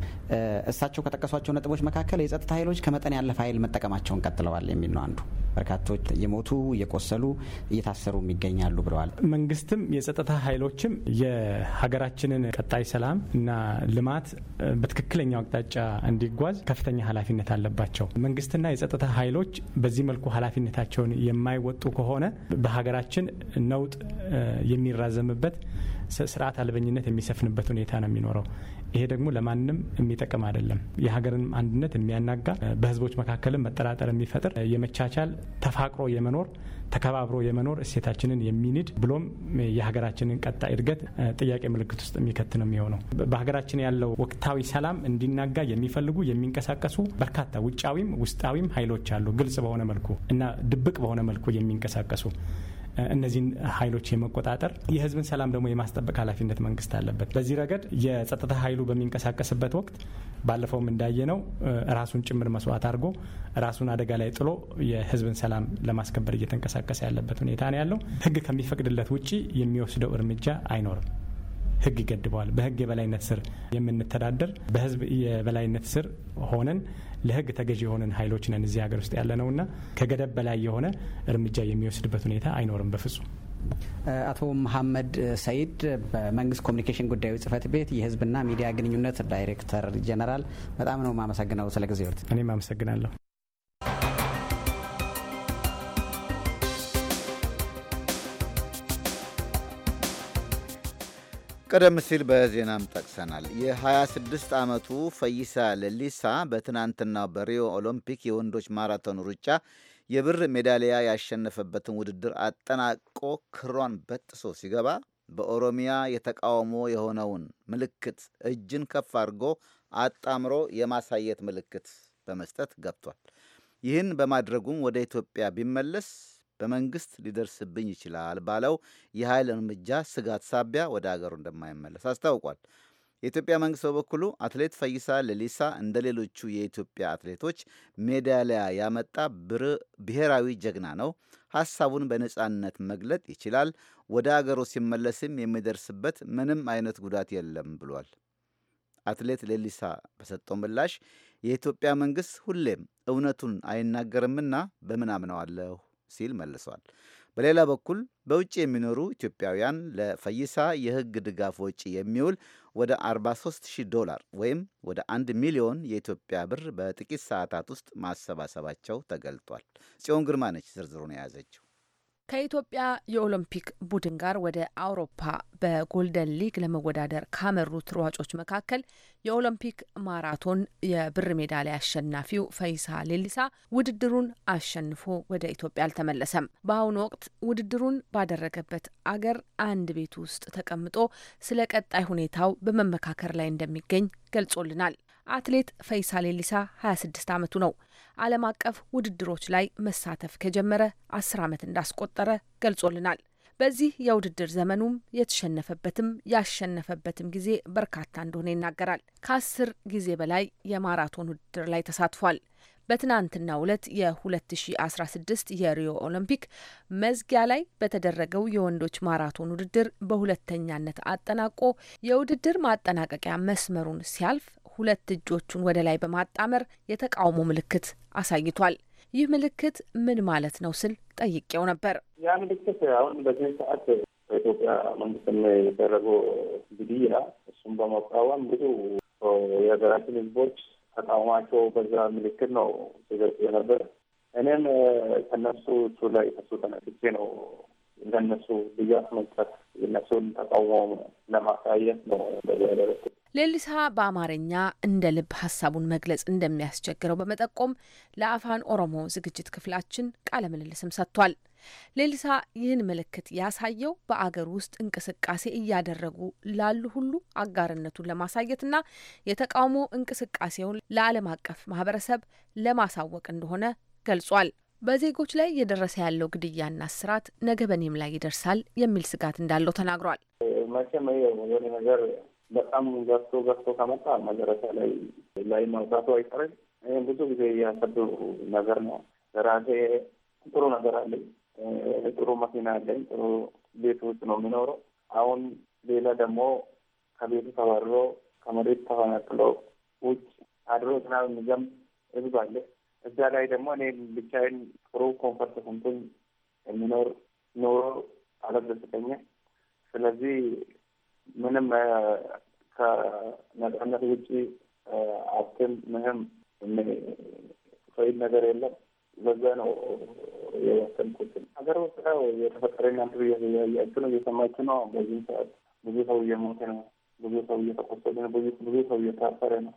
እሳቸው ከጠቀሷቸው ነጥቦች መካከል የጸጥታ ኃይሎች ከመጠን ያለፈ ኃይል መጠቀማቸውን ቀጥለዋል የሚል ነው አንዱ። በርካቶች እየሞቱ እየቆሰሉ እየታሰሩ ይገኛሉ ብለዋል። መንግስትም የጸጥታ ኃይሎችም የሀገራችንን ቀጣይ ሰላም እና ልማት በትክክለኛው አቅጣጫ እንዲጓዝ ከፍተኛ ኃላፊነት አለባቸው። መንግስትና የጸጥታ ኃይሎች በዚህ መልኩ ኃላፊነታቸውን የማይወጡ ከሆነ በሀገራችን ነውጥ የሚራዘምበት ስርዓት አልበኝነት የሚሰፍንበት ሁኔታ ነው የሚኖረው። ይሄ ደግሞ ለማንም የሚጠቅም አይደለም። የሀገርን አንድነት የሚያናጋ በህዝቦች መካከልም መጠራጠር የሚፈጥር የመቻቻል ተፋቅሮ የመኖር ተከባብሮ የመኖር እሴታችንን የሚንድ ብሎም የሀገራችንን ቀጣይ እድገት ጥያቄ ምልክት ውስጥ የሚከት ነው የሚሆነው። በሀገራችን ያለው ወቅታዊ ሰላም እንዲናጋ የሚፈልጉ የሚንቀሳቀሱ በርካታ ውጫዊም ውስጣዊም ኃይሎች አሉ፣ ግልጽ በሆነ መልኩ እና ድብቅ በሆነ መልኩ የሚንቀሳቀሱ እነዚህን ኃይሎች የመቆጣጠር የህዝብን ሰላም ደግሞ የማስጠበቅ ኃላፊነት መንግስት አለበት። በዚህ ረገድ የጸጥታ ኃይሉ በሚንቀሳቀስበት ወቅት ባለፈውም እንዳየነው ራሱን ጭምር መስዋዕት አድርጎ ራሱን አደጋ ላይ ጥሎ የህዝብን ሰላም ለማስከበር እየተንቀሳቀሰ ያለበት ሁኔታ ነው ያለው። ህግ ከሚፈቅድለት ውጭ የሚወስደው እርምጃ አይኖርም። ህግ ይገድበዋል። በህግ የበላይነት ስር የምንተዳደር በህዝብ የበላይነት ስር ሆነን ለህግ ተገዥ የሆነን ኃይሎች ነን እዚህ ሀገር ውስጥ ያለ ነውና ከገደብ በላይ የሆነ እርምጃ የሚወስድበት ሁኔታ አይኖርም በፍጹም። አቶ መሐመድ ሰይድ በመንግስት ኮሚኒኬሽን ጉዳዮች ጽህፈት ቤት የህዝብና ሚዲያ ግንኙነት ዳይሬክተር ጀነራል፣ በጣም ነው የማመሰግነው ስለ ጊዜው። እኔም አመሰግናለሁ። ቀደም ሲል በዜናም ጠቅሰናል። የ26 ዓመቱ ፈይሳ ሌሊሳ በትናንትናው በሪዮ ኦሎምፒክ የወንዶች ማራቶን ሩጫ የብር ሜዳሊያ ያሸነፈበትን ውድድር አጠናቆ ክሯን በጥሶ ሲገባ በኦሮሚያ የተቃውሞ የሆነውን ምልክት እጅን ከፍ አድርጎ አጣምሮ የማሳየት ምልክት በመስጠት ገብቷል። ይህን በማድረጉም ወደ ኢትዮጵያ ቢመለስ በመንግስት ሊደርስብኝ ይችላል ባለው የኃይል እርምጃ ስጋት ሳቢያ ወደ አገሩ እንደማይመለስ አስታውቋል። የኢትዮጵያ መንግስት በበኩሉ አትሌት ፈይሳ ሌሊሳ እንደ ሌሎቹ የኢትዮጵያ አትሌቶች ሜዳሊያ ያመጣ ብሔራዊ ጀግና ነው። ሀሳቡን በነጻነት መግለጥ ይችላል። ወደ አገሩ ሲመለስም የሚደርስበት ምንም አይነት ጉዳት የለም ብሏል። አትሌት ሌሊሳ በሰጠው ምላሽ የኢትዮጵያ መንግስት ሁሌም እውነቱን አይናገርምና በምን አምነዋለሁ ሲል መልሷል። በሌላ በኩል በውጭ የሚኖሩ ኢትዮጵያውያን ለፈይሳ የሕግ ድጋፍ ወጪ የሚውል ወደ 43000 ዶላር ወይም ወደ 1 ሚሊዮን የኢትዮጵያ ብር በጥቂት ሰዓታት ውስጥ ማሰባሰባቸው ተገልጧል። ጽዮን ግርማ ነች ዝርዝሩን የያዘችው። ከኢትዮጵያ የኦሎምፒክ ቡድን ጋር ወደ አውሮፓ በጎልደን ሊግ ለመወዳደር ካመሩት ሯጮች መካከል የኦሎምፒክ ማራቶን የብር ሜዳሊያ አሸናፊው ፈይሳ ሌሊሳ ውድድሩን አሸንፎ ወደ ኢትዮጵያ አልተመለሰም። በአሁኑ ወቅት ውድድሩን ባደረገበት አገር አንድ ቤት ውስጥ ተቀምጦ ስለ ቀጣይ ሁኔታው በመመካከር ላይ እንደሚገኝ ገልጾልናል። አትሌት ፈይሳ ሌሊሳ 26 ዓመቱ ነው። ዓለም አቀፍ ውድድሮች ላይ መሳተፍ ከጀመረ አስር ዓመት እንዳስቆጠረ ገልጾልናል። በዚህ የውድድር ዘመኑም የተሸነፈበትም ያሸነፈበትም ጊዜ በርካታ እንደሆነ ይናገራል። ከአስር ጊዜ በላይ የማራቶን ውድድር ላይ ተሳትፏል። በትናንትናው ዕለት የ2016 የሪዮ ኦሎምፒክ መዝጊያ ላይ በተደረገው የወንዶች ማራቶን ውድድር በሁለተኛነት አጠናቆ የውድድር ማጠናቀቂያ መስመሩን ሲያልፍ ሁለት እጆቹን ወደ ላይ በማጣመር የተቃውሞ ምልክት አሳይቷል። ይህ ምልክት ምን ማለት ነው ስል ጠይቄው ነበር። ያ ምልክት አሁን በዚህ ሰዓት በኢትዮጵያ መንግስትም የደረገው ግድያ እሱም በመቃወም ብዙ የሀገራችን ህዝቦች ተቃውሟቸው በዛ ምልክት ነው ሲገልጽ የነበር። እኔም ከነሱ እሱ ላይ ከሱ ተነስቼ ነው ለነሱ ድጋፍ መስጠት የነሱን ተቃውሞ ለማሳየት ነው። ሌሊሳ በአማርኛ እንደ ልብ ሀሳቡን መግለጽ እንደሚያስቸግረው በመጠቆም ለአፋን ኦሮሞ ዝግጅት ክፍላችን ቃለ ምልልስም ሰጥቷል። ሌሊሳ ይህን ምልክት ያሳየው በአገር ውስጥ እንቅስቃሴ እያደረጉ ላሉ ሁሉ አጋርነቱን ለማሳየትና የተቃውሞ እንቅስቃሴውን ለዓለም አቀፍ ማህበረሰብ ለማሳወቅ እንደሆነ ገልጿል። በዜጎች ላይ እየደረሰ ያለው ግድያና እስራት ነገ በኔም ላይ ይደርሳል የሚል ስጋት እንዳለው ተናግሯል። መቼም የሆነ ነገር በጣም ገፍቶ ገፍቶ ከመጣ መጨረሻ ላይ ላይ መውጣቱ አይቀርም። ይህም ብዙ ጊዜ እያሰብ ነገር ነው። ለራሴ ጥሩ ነገር አለኝ፣ ጥሩ መኪና አለኝ፣ ጥሩ ቤት ውስጥ ነው የሚኖረው። አሁን ሌላ ደግሞ ከቤቱ ተባርሮ ከመሬት ተፈናቅሎ ውጭ አድሮ ዝናብ የሚገም ህዝብ አለ። እዛ ላይ ደግሞ እኔ ብቻዬን ጥሩ ኮንፈርት ሰምቶኝ የሚኖር ኖሮ አለበስተኛ። ስለዚህ ምንም ከነጻነት ውጭ አብትም ምንም ሰይ ነገር የለም። በዛ ነው የወሰንኩት። ሀገር ውስጥ የተፈጠረ የተፈጠረና ያያችሁ ነው እየሰማችሁ ነው። በዚህም ሰዓት ብዙ ሰው እየሞተ ነው። ብዙ ሰው እየተቆሰለ ነው። ብዙ ብዙ ሰው እየታፈረ ነው።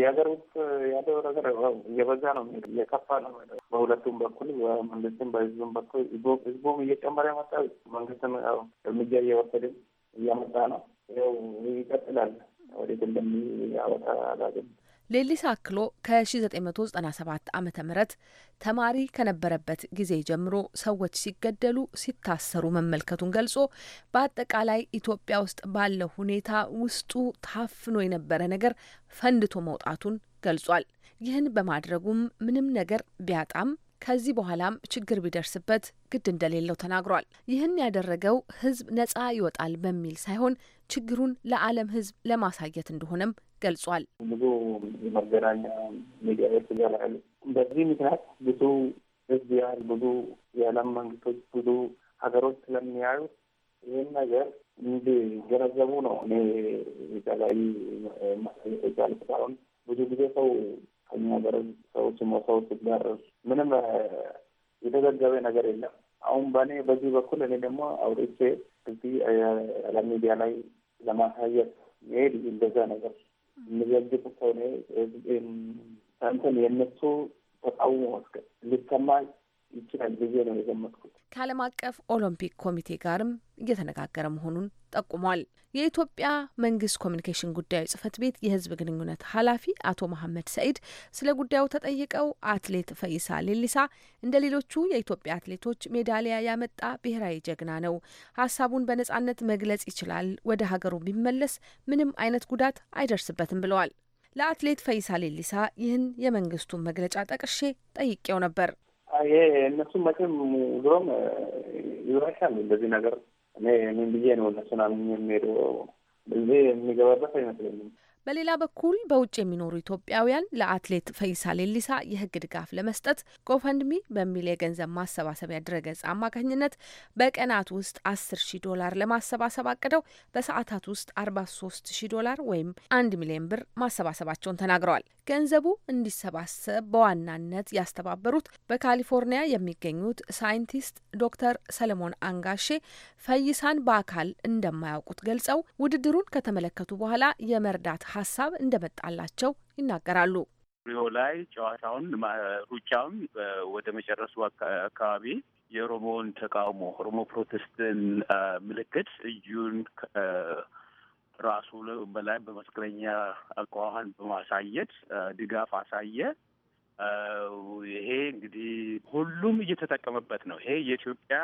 የሀገር ውስጥ ያለው ነገር እየበዛ ነው፣ እየከፋ ነው። በሁለቱም በኩል በመንግስትም በህዝቡም በኩል ህዝቡም እየጨመረ መጣ፣ መንግስትም እርምጃ እየወሰድም እያመጣ ነው። ይኸው ይቀጥላል። ወዴት እንደሚያወጣ አላውቅም። ሌሊሳ አክሎ ከ1997 ዓ ም ተማሪ ከነበረበት ጊዜ ጀምሮ ሰዎች ሲገደሉ፣ ሲታሰሩ መመልከቱን ገልጾ በአጠቃላይ ኢትዮጵያ ውስጥ ባለው ሁኔታ ውስጡ ታፍኖ የነበረ ነገር ፈንድቶ መውጣቱን ገልጿል። ይህን በማድረጉም ምንም ነገር ቢያጣም ከዚህ በኋላም ችግር ቢደርስበት ግድ እንደሌለው ተናግሯል። ይህን ያደረገው ህዝብ ነጻ ይወጣል በሚል ሳይሆን ችግሩን ለዓለም ህዝብ ለማሳየት እንደሆነም ገልጿል። ብዙ የመገናኛ ሚዲያዎች ይገባሉ። በዚህ ምክንያት ብዙ ህዝብ ያህል ብዙ የዓለም መንግስቶች ብዙ ሀገሮች ስለሚያዩት ይህን ነገር እንዲገነዘቡ ነው እኔ የተለያዩ ማሳየት ብዙ ጊዜ ሰው ከኛ ሀገርም ሰው ሲሞተው ሲዳረስ ምንም የተዘገበ ነገር የለም። አሁን በእኔ በዚህ በኩል እኔ ደግሞ አውርቼ እዚህ ለሚዲያ ላይ ለማሳየት መሄድ እንደዛ ነገር የሚዘግብ ከሆነ እንትን የነሱ ተቃውሞ እስከ ሊሰማ ይችላል ብዬ ነው የገመትኩት። ከዓለም አቀፍ ኦሎምፒክ ኮሚቴ ጋርም እየተነጋገረ መሆኑን ጠቁሟል። የኢትዮጵያ መንግስት ኮሚኒኬሽን ጉዳዩ ጽህፈት ቤት የህዝብ ግንኙነት ኃላፊ አቶ መሐመድ ሰኢድ ስለ ጉዳዩ ተጠይቀው አትሌት ፈይሳ ሌሊሳ እንደ ሌሎቹ የኢትዮጵያ አትሌቶች ሜዳሊያ ያመጣ ብሔራዊ ጀግና ነው። ሀሳቡን በነጻነት መግለጽ ይችላል። ወደ ሀገሩ ቢመለስ ምንም አይነት ጉዳት አይደርስበትም ብለዋል። ለአትሌት ፈይሳ ሌሊሳ ይህን የመንግስቱን መግለጫ ጠቅሼ ጠይቄው ነበር። ይሄ እነሱም መቼም ድሮም ይዞረሻል እንደዚህ ነገር እኔ ምን ብዬ ነው እነሱን አምኜ የሚሄደው እዚህ የሚገባበት አይመስለኝም። በሌላ በኩል በውጭ የሚኖሩ ኢትዮጵያውያን ለአትሌት ፈይሳ ሌሊሳ የሕግ ድጋፍ ለመስጠት ጎፈንድሚ በሚል የገንዘብ ማሰባሰቢያ ድረገጽ አማካኝነት በቀናት ውስጥ አስር ሺ ዶላር ለማሰባሰብ አቅደው በሰዓታት ውስጥ አርባ ሶስት ሺ ዶላር ወይም አንድ ሚሊዮን ብር ማሰባሰባቸውን ተናግረዋል። ገንዘቡ እንዲሰባሰብ በዋናነት ያስተባበሩት በካሊፎርኒያ የሚገኙት ሳይንቲስት ዶክተር ሰለሞን አንጋሼ ፈይሳን በአካል እንደማያውቁት ገልጸው ውድድሩን ከተመለከቱ በኋላ የመርዳት ሀሳብ እንደመጣላቸው ይናገራሉ። ሪዮ ላይ ጨዋታውን ሩጫውን ወደ መጨረሱ አካባቢ የኦሮሞን ተቃውሞ ኦሮሞ ፕሮቴስትን ምልክት እጁን ራሱ በላይ በመስክረኛ አኳኋን በማሳየት ድጋፍ አሳየ። ይሄ እንግዲህ ሁሉም እየተጠቀመበት ነው። ይሄ የኢትዮጵያ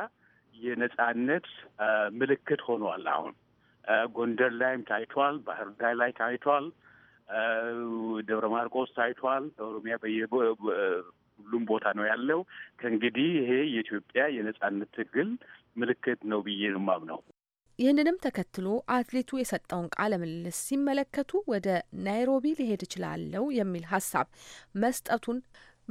የነጻነት ምልክት ሆኗል። አሁን ጎንደር ላይም ታይቷል፣ ባህር ዳር ላይ ታይቷል፣ ደብረ ማርቆስ ታይቷል። ኦሮሚያ በየ ሁሉም ቦታ ነው ያለው። ከእንግዲህ ይሄ የኢትዮጵያ የነጻነት ትግል ምልክት ነው ብዬ ነው የማምነው። ይህንንም ተከትሎ አትሌቱ የሰጠውን ቃለ ምልልስ ሲመለከቱ ወደ ናይሮቢ ሊሄድ እችላለሁ የሚል ሀሳብ መስጠቱን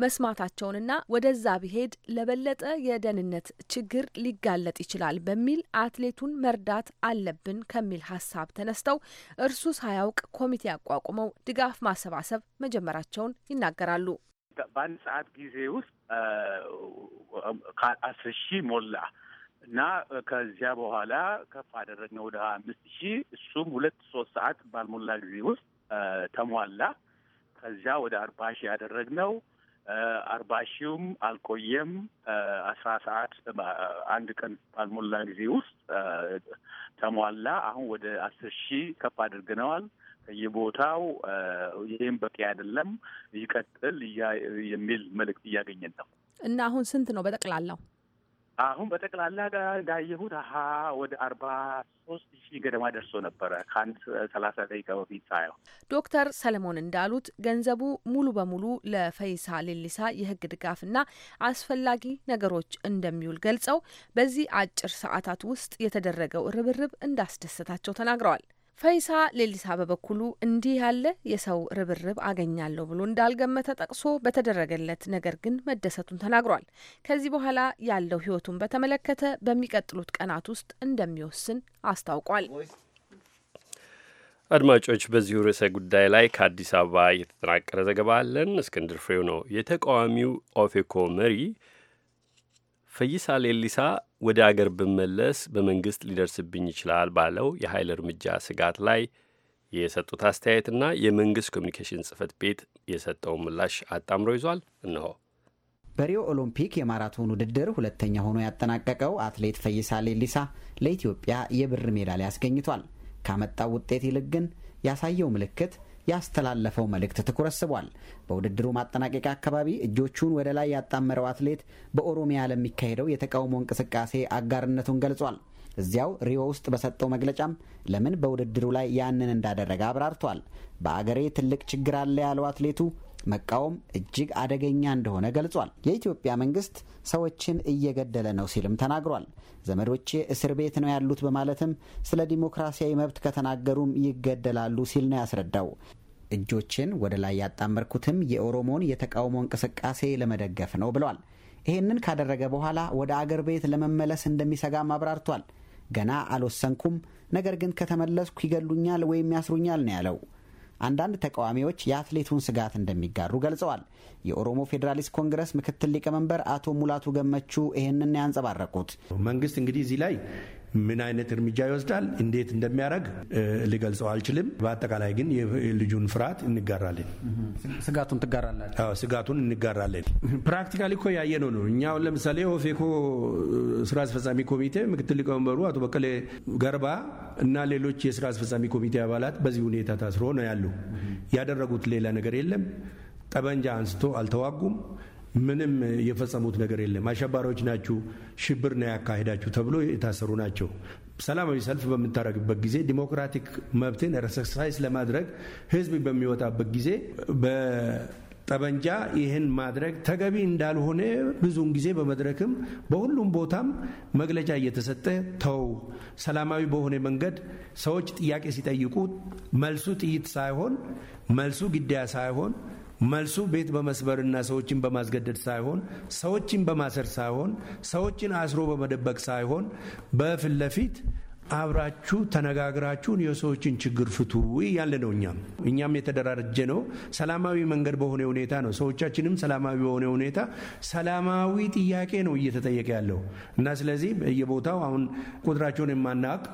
መስማታቸውንና ወደዛ ቢሄድ ለበለጠ የደህንነት ችግር ሊጋለጥ ይችላል በሚል አትሌቱን መርዳት አለብን ከሚል ሀሳብ ተነስተው እርሱ ሳያውቅ ኮሚቴ አቋቁመው ድጋፍ ማሰባሰብ መጀመራቸውን ይናገራሉ። በአንድ ሰዓት ጊዜ ውስጥ ከአስር ሺህ ሞላ እና ከዚያ በኋላ ከፍ አደረግነው ወደ ሀያ አምስት ሺህ እሱም ሁለት ሶስት ሰዓት ባልሞላ ጊዜ ውስጥ ተሟላ። ከዚያ ወደ አርባ ሺህ ያደረግነው አርባ ሺውም አልቆየም። አስራ ሰዓት አንድ ቀን ባልሞላ ጊዜ ውስጥ ተሟላ። አሁን ወደ አስር ሺህ ከፍ አድርገነዋል ከየቦታው። ይህም በቂ አይደለም፣ ይቀጥል የሚል መልእክት እያገኘን ነው እና አሁን ስንት ነው በጠቅላላው? አሁን በጠቅላላ እንዳየሁት ሀ ወደ አርባ ሶስት ሺህ ገደማ ደርሶ ነበረ ከአንድ ሰላሳ ደቂቃ በፊት ሳየው። ዶክተር ሰለሞን እንዳሉት ገንዘቡ ሙሉ በሙሉ ለፈይሳ ሌሊሳ ድጋፍ ድጋፍና አስፈላጊ ነገሮች እንደሚውል ገልጸው በዚህ አጭር ሰዓታት ውስጥ የተደረገው ርብርብ እንዳስደሰታቸው ተናግረዋል። ፈይሳ ሌሊሳ በበኩሉ እንዲህ ያለ የሰው ርብርብ አገኛለሁ ብሎ እንዳልገመተ ጠቅሶ በተደረገለት ነገር ግን መደሰቱን ተናግሯል። ከዚህ በኋላ ያለው ሕይወቱን በተመለከተ በሚቀጥሉት ቀናት ውስጥ እንደሚወስን አስታውቋል። አድማጮች፣ በዚሁ ርዕሰ ጉዳይ ላይ ከአዲስ አበባ የተጠናቀረ ዘገባ አለን። እስክንድር ፍሬው ነው የተቃዋሚው ኦፌኮ መሪ ፈይሳ ሌሊሳ ወደ አገር ብመለስ በመንግስት ሊደርስብኝ ይችላል ባለው የኃይል እርምጃ ስጋት ላይ የሰጡት አስተያየትና የመንግስት ኮሚኒኬሽን ጽህፈት ቤት የሰጠውን ምላሽ አጣምሮ ይዟል። እንሆ በሪዮ ኦሎምፒክ የማራቶን ውድድር ሁለተኛ ሆኖ ያጠናቀቀው አትሌት ፈይሳ ሌሊሳ ለኢትዮጵያ የብር ሜዳሊያ አስገኝቷል። ካመጣው ውጤት ይልቅ ግን ያሳየው ምልክት ያስተላለፈው መልእክት ትኩረት ስቧል። በውድድሩ ማጠናቀቂያ አካባቢ እጆቹን ወደ ላይ ያጣመረው አትሌት በኦሮሚያ ለሚካሄደው የተቃውሞ እንቅስቃሴ አጋርነቱን ገልጿል። እዚያው ሪዮ ውስጥ በሰጠው መግለጫም ለምን በውድድሩ ላይ ያንን እንዳደረገ አብራርቷል። በአገሬ ትልቅ ችግር አለ ያለው አትሌቱ መቃወም እጅግ አደገኛ እንደሆነ ገልጿል። የኢትዮጵያ መንግስት ሰዎችን እየገደለ ነው ሲልም ተናግሯል። ዘመዶቼ እስር ቤት ነው ያሉት በማለትም ስለ ዲሞክራሲያዊ መብት ከተናገሩም ይገደላሉ ሲል ነው ያስረዳው። እጆችን ወደ ላይ ያጣመርኩትም የኦሮሞን የተቃውሞ እንቅስቃሴ ለመደገፍ ነው ብለዋል። ይህንን ካደረገ በኋላ ወደ አገር ቤት ለመመለስ እንደሚሰጋም አብራርቷል። ገና አልወሰንኩም፣ ነገር ግን ከተመለስኩ ይገሉኛል ወይም ያስሩኛል ነው ያለው። አንዳንድ ተቃዋሚዎች የአትሌቱን ስጋት እንደሚጋሩ ገልጸዋል። የኦሮሞ ፌዴራሊስት ኮንግረስ ምክትል ሊቀመንበር አቶ ሙላቱ ገመቹ ይህንን ያንጸባረቁት መንግስት እንግዲህ እዚህ ላይ ምን አይነት እርምጃ ይወስዳል፣ እንዴት እንደሚያደርግ ልገልጸው አልችልም። በአጠቃላይ ግን የልጁን ፍርሃት እንጋራለን፣ ስጋቱን ትጋራላችሁ? ስጋቱን እንጋራለን። ፕራክቲካሊ እኮ ያየ ነው። እኛ አሁን ለምሳሌ ኦፌኮ ስራ አስፈጻሚ ኮሚቴ ምክትል ሊቀመንበሩ አቶ በቀለ ገርባ እና ሌሎች የስራ አስፈጻሚ ኮሚቴ አባላት በዚህ ሁኔታ ታስሮ ነው ያሉ። ያደረጉት ሌላ ነገር የለም። ጠበንጃ አንስቶ አልተዋጉም። ምንም የፈጸሙት ነገር የለም። አሸባሪዎች ናችሁ፣ ሽብር ነው ያካሄዳችሁ ተብሎ የታሰሩ ናቸው። ሰላማዊ ሰልፍ በምታደርግበት ጊዜ ዲሞክራቲክ መብትን ኤክሰርሳይዝ ለማድረግ ህዝብ በሚወጣበት ጊዜ ጠበንጃ ይህን ማድረግ ተገቢ እንዳልሆነ ብዙውን ጊዜ በመድረክም በሁሉም ቦታም መግለጫ እየተሰጠ ተው፣ ሰላማዊ በሆነ መንገድ ሰዎች ጥያቄ ሲጠይቁ መልሱ ጥይት ሳይሆን መልሱ ግድያ ሳይሆን መልሱ ቤት በመስበርና ሰዎችን በማስገደድ ሳይሆን ሰዎችን በማሰር ሳይሆን ሰዎችን አስሮ በመደበቅ ሳይሆን በፊት ለፊት አብራችሁ ተነጋግራችሁን የሰዎችን ችግር ፍቱ እያለ ነው። እኛም እኛም የተደራጀ ነው። ሰላማዊ መንገድ በሆነ ሁኔታ ነው። ሰዎቻችንም ሰላማዊ በሆነ ሁኔታ ሰላማዊ ጥያቄ ነው እየተጠየቀ ያለው እና ስለዚህ በየቦታው አሁን ቁጥራቸውን የማናውቅ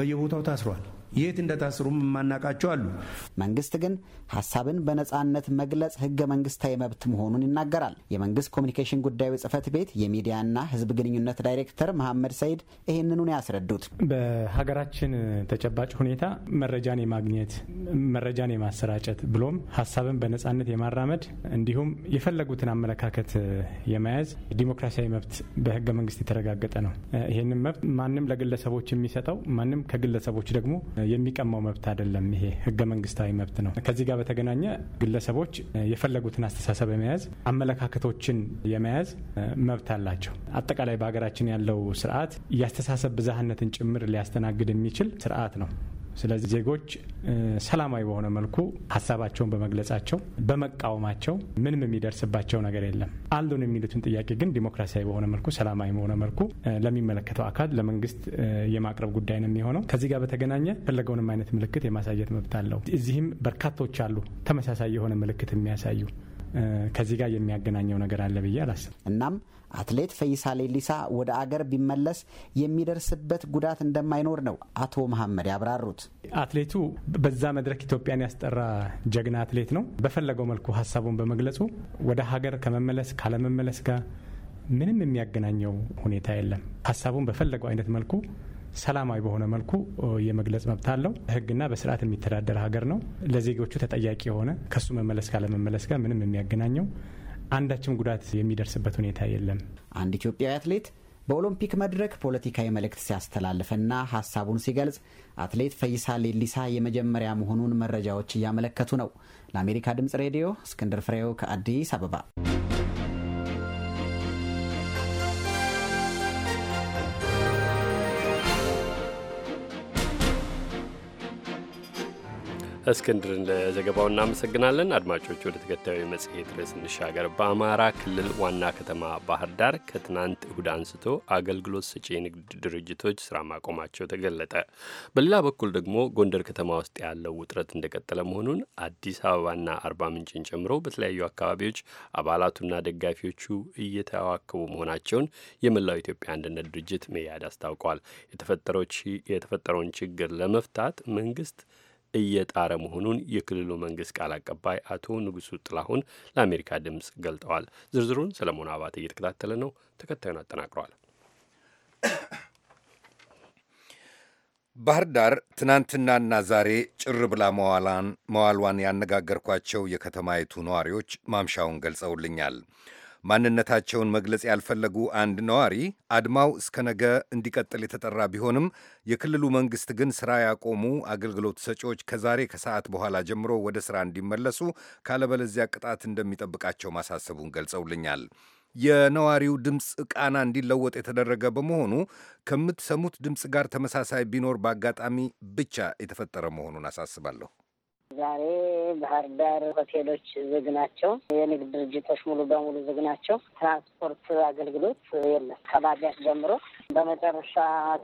በየቦታው ታስሯል። የት እንደታስሩም የማናቃቸው አሉ። መንግስት ግን ሀሳብን በነጻነት መግለጽ ህገ መንግስታዊ መብት መሆኑን ይናገራል። የመንግስት ኮሚኒኬሽን ጉዳዩ ጽህፈት ቤት የሚዲያና ህዝብ ግንኙነት ዳይሬክተር መሐመድ ሰይድ ይህንኑን ያስረዱት በሀገራችን ተጨባጭ ሁኔታ መረጃን የማግኘት መረጃን የማሰራጨት ብሎም ሀሳብን በነጻነት የማራመድ እንዲሁም የፈለጉትን አመለካከት የመያዝ ዲሞክራሲያዊ መብት በህገ መንግስት የተረጋገጠ ነው። ይህንን መብት ማንም ለግለሰቦች የሚሰጠው ማንም ከግለሰቦች ደግሞ የሚቀማው መብት አይደለም። ይሄ ህገ መንግስታዊ መብት ነው። ከዚህ ጋር በተገናኘ ግለሰቦች የፈለጉትን አስተሳሰብ የመያዝ አመለካከቶችን የመያዝ መብት አላቸው። አጠቃላይ በሀገራችን ያለው ስርዓት የአስተሳሰብ ብዝሃነትን ጭምር ሊያስተናግድ የሚችል ስርዓት ነው። ስለዚህ ዜጎች ሰላማዊ በሆነ መልኩ ሀሳባቸውን በመግለጻቸው በመቃወማቸው ምንም የሚደርስባቸው ነገር የለም። አሉን የሚሉትን ጥያቄ ግን ዲሞክራሲያዊ በሆነ መልኩ ሰላማዊ በሆነ መልኩ ለሚመለከተው አካል ለመንግስት የማቅረብ ጉዳይ ነው የሚሆነው። ከዚህ ጋር በተገናኘ ፈለገውንም አይነት ምልክት የማሳየት መብት አለው። እዚህም በርካቶች አሉ ተመሳሳይ የሆነ ምልክት የሚያሳዩ ከዚህ ጋር የሚያገናኘው ነገር አለ ብዬ አላስብ። እናም አትሌት ፈይሳ ሌሊሳ ወደ አገር ቢመለስ የሚደርስበት ጉዳት እንደማይኖር ነው አቶ መሐመድ ያብራሩት። አትሌቱ በዛ መድረክ ኢትዮጵያን ያስጠራ ጀግና አትሌት ነው። በፈለገው መልኩ ሀሳቡን በመግለጹ ወደ ሀገር ከመመለስ ካለመመለስ ጋር ምንም የሚያገናኘው ሁኔታ የለም። ሀሳቡን በፈለገው አይነት መልኩ ሰላማዊ በሆነ መልኩ የመግለጽ መብት አለው። ህግና በስርዓት የሚተዳደር ሀገር ነው። ለዜጎቹ ተጠያቂ የሆነ ከሱ መመለስ ካለመመለስ ጋር ምንም የሚያገናኘው አንዳችም ጉዳት የሚደርስበት ሁኔታ የለም። አንድ ኢትዮጵያዊ አትሌት በኦሎምፒክ መድረክ ፖለቲካዊ መልእክት ሲያስተላልፍና ሀሳቡን ሲገልጽ አትሌት ፈይሳ ሌሊሳ የመጀመሪያ መሆኑን መረጃዎች እያመለከቱ ነው። ለአሜሪካ ድምፅ ሬዲዮ እስክንድር ፍሬው ከአዲስ አበባ እስክንድርን ለዘገባው እናመሰግናለን። አድማጮች ወደ ተከታዩ መጽሔት ርዕስ እንሻገር። በአማራ ክልል ዋና ከተማ ባህር ዳር ከትናንት እሁድ አንስቶ አገልግሎት ሰጪ የንግድ ድርጅቶች ስራ ማቆማቸው ተገለጠ። በሌላ በኩል ደግሞ ጎንደር ከተማ ውስጥ ያለው ውጥረት እንደቀጠለ መሆኑን አዲስ አበባና አርባ ምንጭን ጨምሮ በተለያዩ አካባቢዎች አባላቱና ደጋፊዎቹ እየተዋከቡ መሆናቸውን የመላው ኢትዮጵያ አንድነት ድርጅት መያድ አስታውቋል። የተፈጠረውን ችግር ለመፍታት መንግስት እየጣረ መሆኑን የክልሉ መንግስት ቃል አቀባይ አቶ ንጉሱ ጥላሁን ለአሜሪካ ድምፅ ገልጠዋል። ዝርዝሩን ሰለሞን አባተ እየተከታተለ ነው። ተከታዩን አጠናቅረዋል። ባህር ዳር ትናንትናና ዛሬ ጭር ብላ መዋሏን ያነጋገርኳቸው የከተማይቱ ነዋሪዎች ማምሻውን ገልጸውልኛል። ማንነታቸውን መግለጽ ያልፈለጉ አንድ ነዋሪ አድማው እስከ ነገ እንዲቀጥል የተጠራ ቢሆንም የክልሉ መንግሥት ግን ሥራ ያቆሙ አገልግሎት ሰጪዎች ከዛሬ ከሰዓት በኋላ ጀምሮ ወደ ሥራ እንዲመለሱ ካለበለዚያ ቅጣት እንደሚጠብቃቸው ማሳሰቡን ገልጸውልኛል። የነዋሪው ድምፅ ቃና እንዲለወጥ የተደረገ በመሆኑ ከምትሰሙት ድምፅ ጋር ተመሳሳይ ቢኖር በአጋጣሚ ብቻ የተፈጠረ መሆኑን አሳስባለሁ። ዛሬ ባህር ዳር ሆቴሎች ዝግ ናቸው። የንግድ ድርጅቶች ሙሉ በሙሉ ዝግ ናቸው። ትራንስፖርት አገልግሎት የለም ከባቢያት ጀምሮ። በመጨረሻ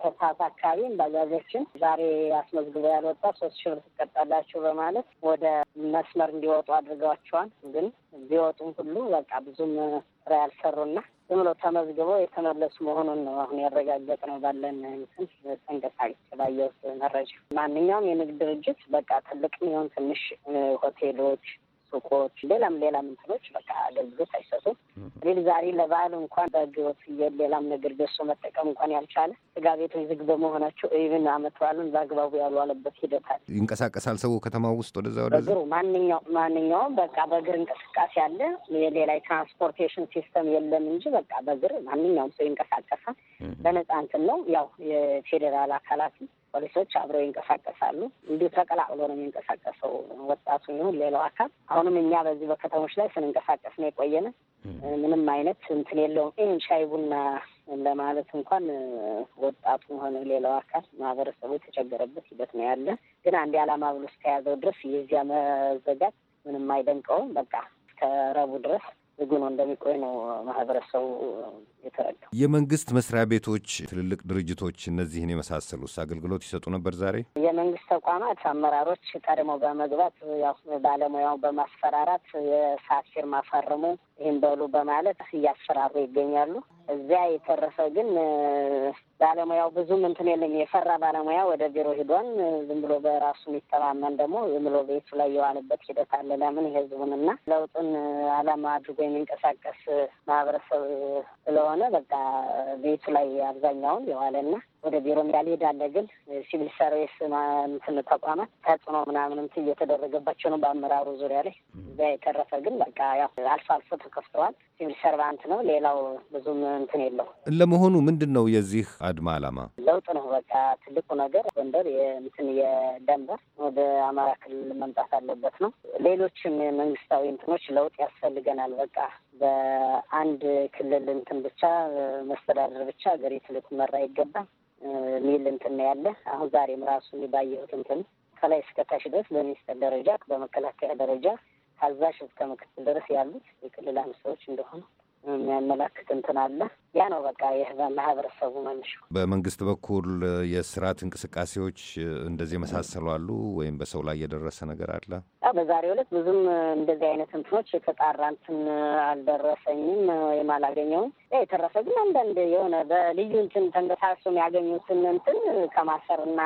ከሰዓት አካባቢ ባጃጆችን ዛሬ አስመዝግበ ያልወጣ ሶስት ሺህ ብር ትቀጣላችሁ በማለት ወደ መስመር እንዲወጡ አድርገዋቸዋል። ግን ቢወጡም ሁሉ በቃ ብዙም ስራ ያልሰሩና ዝም ብሎ ተመዝግበው የተመለሱ መሆኑን ነው አሁን ያረጋገጥ ነው ባለን እንትን ተንቀሳቅሼ ባየሁት መረጃ። ማንኛውም የንግድ ድርጅት በቃ ትልቅ ሚሆን ትንሽ ሆቴሎች ሱቆች፣ ሌላም ሌላም እንትኖች በቃ አገልግሎት አይሰጡም። እኔ ዛሬ ለበዓል እንኳን በህገወጥ ፍየል ሌላም ነገር ገሶ መጠቀም እንኳን ያልቻለ ስጋ ቤቶች ዝግ በመሆናቸው ኢቭን አመት በዓሉን በአግባቡ ያልዋለበት ሂደት አለ። ይንቀሳቀሳል ሰው ከተማ ውስጥ ወደዛ ወደ በእግሩ ማንኛው ማንኛውም በቃ በእግር እንቅስቃሴ አለ። የሌላ ትራንስፖርቴሽን ሲስተም የለም እንጂ በቃ በእግር ማንኛውም ሰው ይንቀሳቀሳል። በነጻ እንትን ነው ያው የፌዴራል አካላት ፖሊሶች አብረው ይንቀሳቀሳሉ። እንዲሁ ተቀላቅሎ ነው የሚንቀሳቀሰው ወጣቱ ይሁን ሌላው አካል። አሁንም እኛ በዚህ በከተሞች ላይ ስንንቀሳቀስ ነው የቆየነ። ምንም አይነት እንትን የለውም። ይህን ሻይ ቡና ለማለት እንኳን ወጣቱ ሆነ ሌላው አካል ማህበረሰቡ የተቸገረበት ሂደት ነው ያለ። ግን አንድ አላማ ብሎ እስከያዘው ድረስ የዚያ መዘጋት ምንም አይደንቀውም። በቃ እስከ ረቡዕ ድረስ ዝግ እንደሚቆይ ነው ማህበረሰቡ ቆይቻለሁ። የመንግስት መስሪያ ቤቶች፣ ትልልቅ ድርጅቶች እነዚህን የመሳሰሉስ አገልግሎት ይሰጡ ነበር። ዛሬ የመንግስት ተቋማት አመራሮች ቀድሞ በመግባት ያው በማስፈራራት የሰዓት ፊርማ ፈርሙ፣ ይህን በሉ በማለት እያስፈራሩ ይገኛሉ። እዚያ የተረፈ ግን ባለሙያው ብዙም እንትን የለኝ የፈራ ባለሙያ ወደ ቢሮ ሂዷን ዝም ብሎ በራሱ የሚተማመን ደግሞ ዝም ብሎ ቤቱ ላይ የዋለበት ሂደት አለ። ለምን የህዝቡንና ለውጡን አላማ አድርጎ የሚንቀሳቀስ ማህበረሰብ ስለሆነ በቃ ቤቱ ላይ አብዛኛውን የዋለና ወደ ቢሮ እንዳልሄድ ሄዳለ ግን ሲቪል ሰርቪስ ምትን ተቋማት ተጽዕኖ ምናምንም እየተደረገባቸው ነው በአመራሩ ዙሪያ ላይ። እዚያ የተረፈ ግን በቃ ያው አልፎ አልፎ ተከፍተዋል። ሲቪል ሰርቫንት ነው፣ ሌላው ብዙም እንትን የለው። ለመሆኑ ምንድን ነው የዚህ አድማ አላማ? ለውጥ ነው በቃ ትልቁ ነገር። ጎንደር የምትን የደንበር ወደ አማራ ክልል መምጣት አለበት ነው። ሌሎችም መንግስታዊ እንትኖች ለውጥ ያስፈልገናል በቃ በአንድ ክልል እንትን ብቻ መስተዳደር ብቻ ሀገሪቱ ልትመራ ይገባል። ሚል እንትን ያለ። አሁን ዛሬም ራሱ ባየሁት እንትን ከላይ እስከ እስከታች ድረስ በሚኒስትር ደረጃ በመከላከያ ደረጃ ታዛዥ እስከ ምክትል ድረስ ያሉት የክልል አምሳዎች እንደሆኑ የሚያመላክት እንትን አለ። ያ ነው በቃ በማህበረሰቡ መነሻ። በመንግስት በኩል የስርዓት እንቅስቃሴዎች እንደዚህ የመሳሰሉ አሉ ወይም በሰው ላይ የደረሰ ነገር አለ። በዛሬው ዕለት ብዙም እንደዚህ አይነት እንትኖች የተጣራ እንትን አልደረሰኝም ወይም አላገኘውም። የተረፈ ግን አንዳንድ የሆነ በልዩ እንትን ተንቀሳቅሶ የሚያገኙትን እንትን ከማሰርና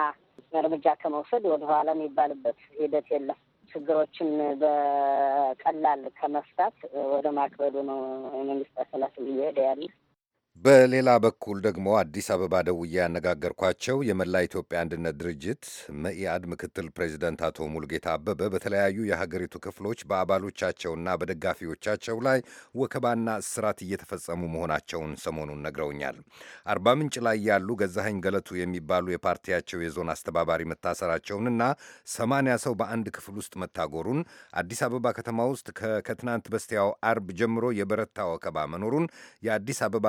እርምጃ ከመውሰድ ወደኋላ የሚባልበት ሂደት የለም። ችግሮችን በቀላል ከመፍታት ወደ ማክበዱ ነው የመንግስት አካላት እየሄደ ያለ በሌላ በኩል ደግሞ አዲስ አበባ ደውዬ ያነጋገርኳቸው የመላ ኢትዮጵያ አንድነት ድርጅት መኢአድ ምክትል ፕሬዚደንት አቶ ሙሉጌታ አበበ በተለያዩ የሀገሪቱ ክፍሎች በአባሎቻቸውና በደጋፊዎቻቸው ላይ ወከባና እስራት እየተፈጸሙ መሆናቸውን ሰሞኑን ነግረውኛል። አርባ ምንጭ ላይ ያሉ ገዛኸኝ ገለቱ የሚባሉ የፓርቲያቸው የዞን አስተባባሪ መታሰራቸውንና ሰማንያ ሰው በአንድ ክፍል ውስጥ መታጎሩን አዲስ አበባ ከተማ ውስጥ ከትናንት በስቲያው አርብ ጀምሮ የበረታ ወከባ መኖሩን የአዲስ አበባ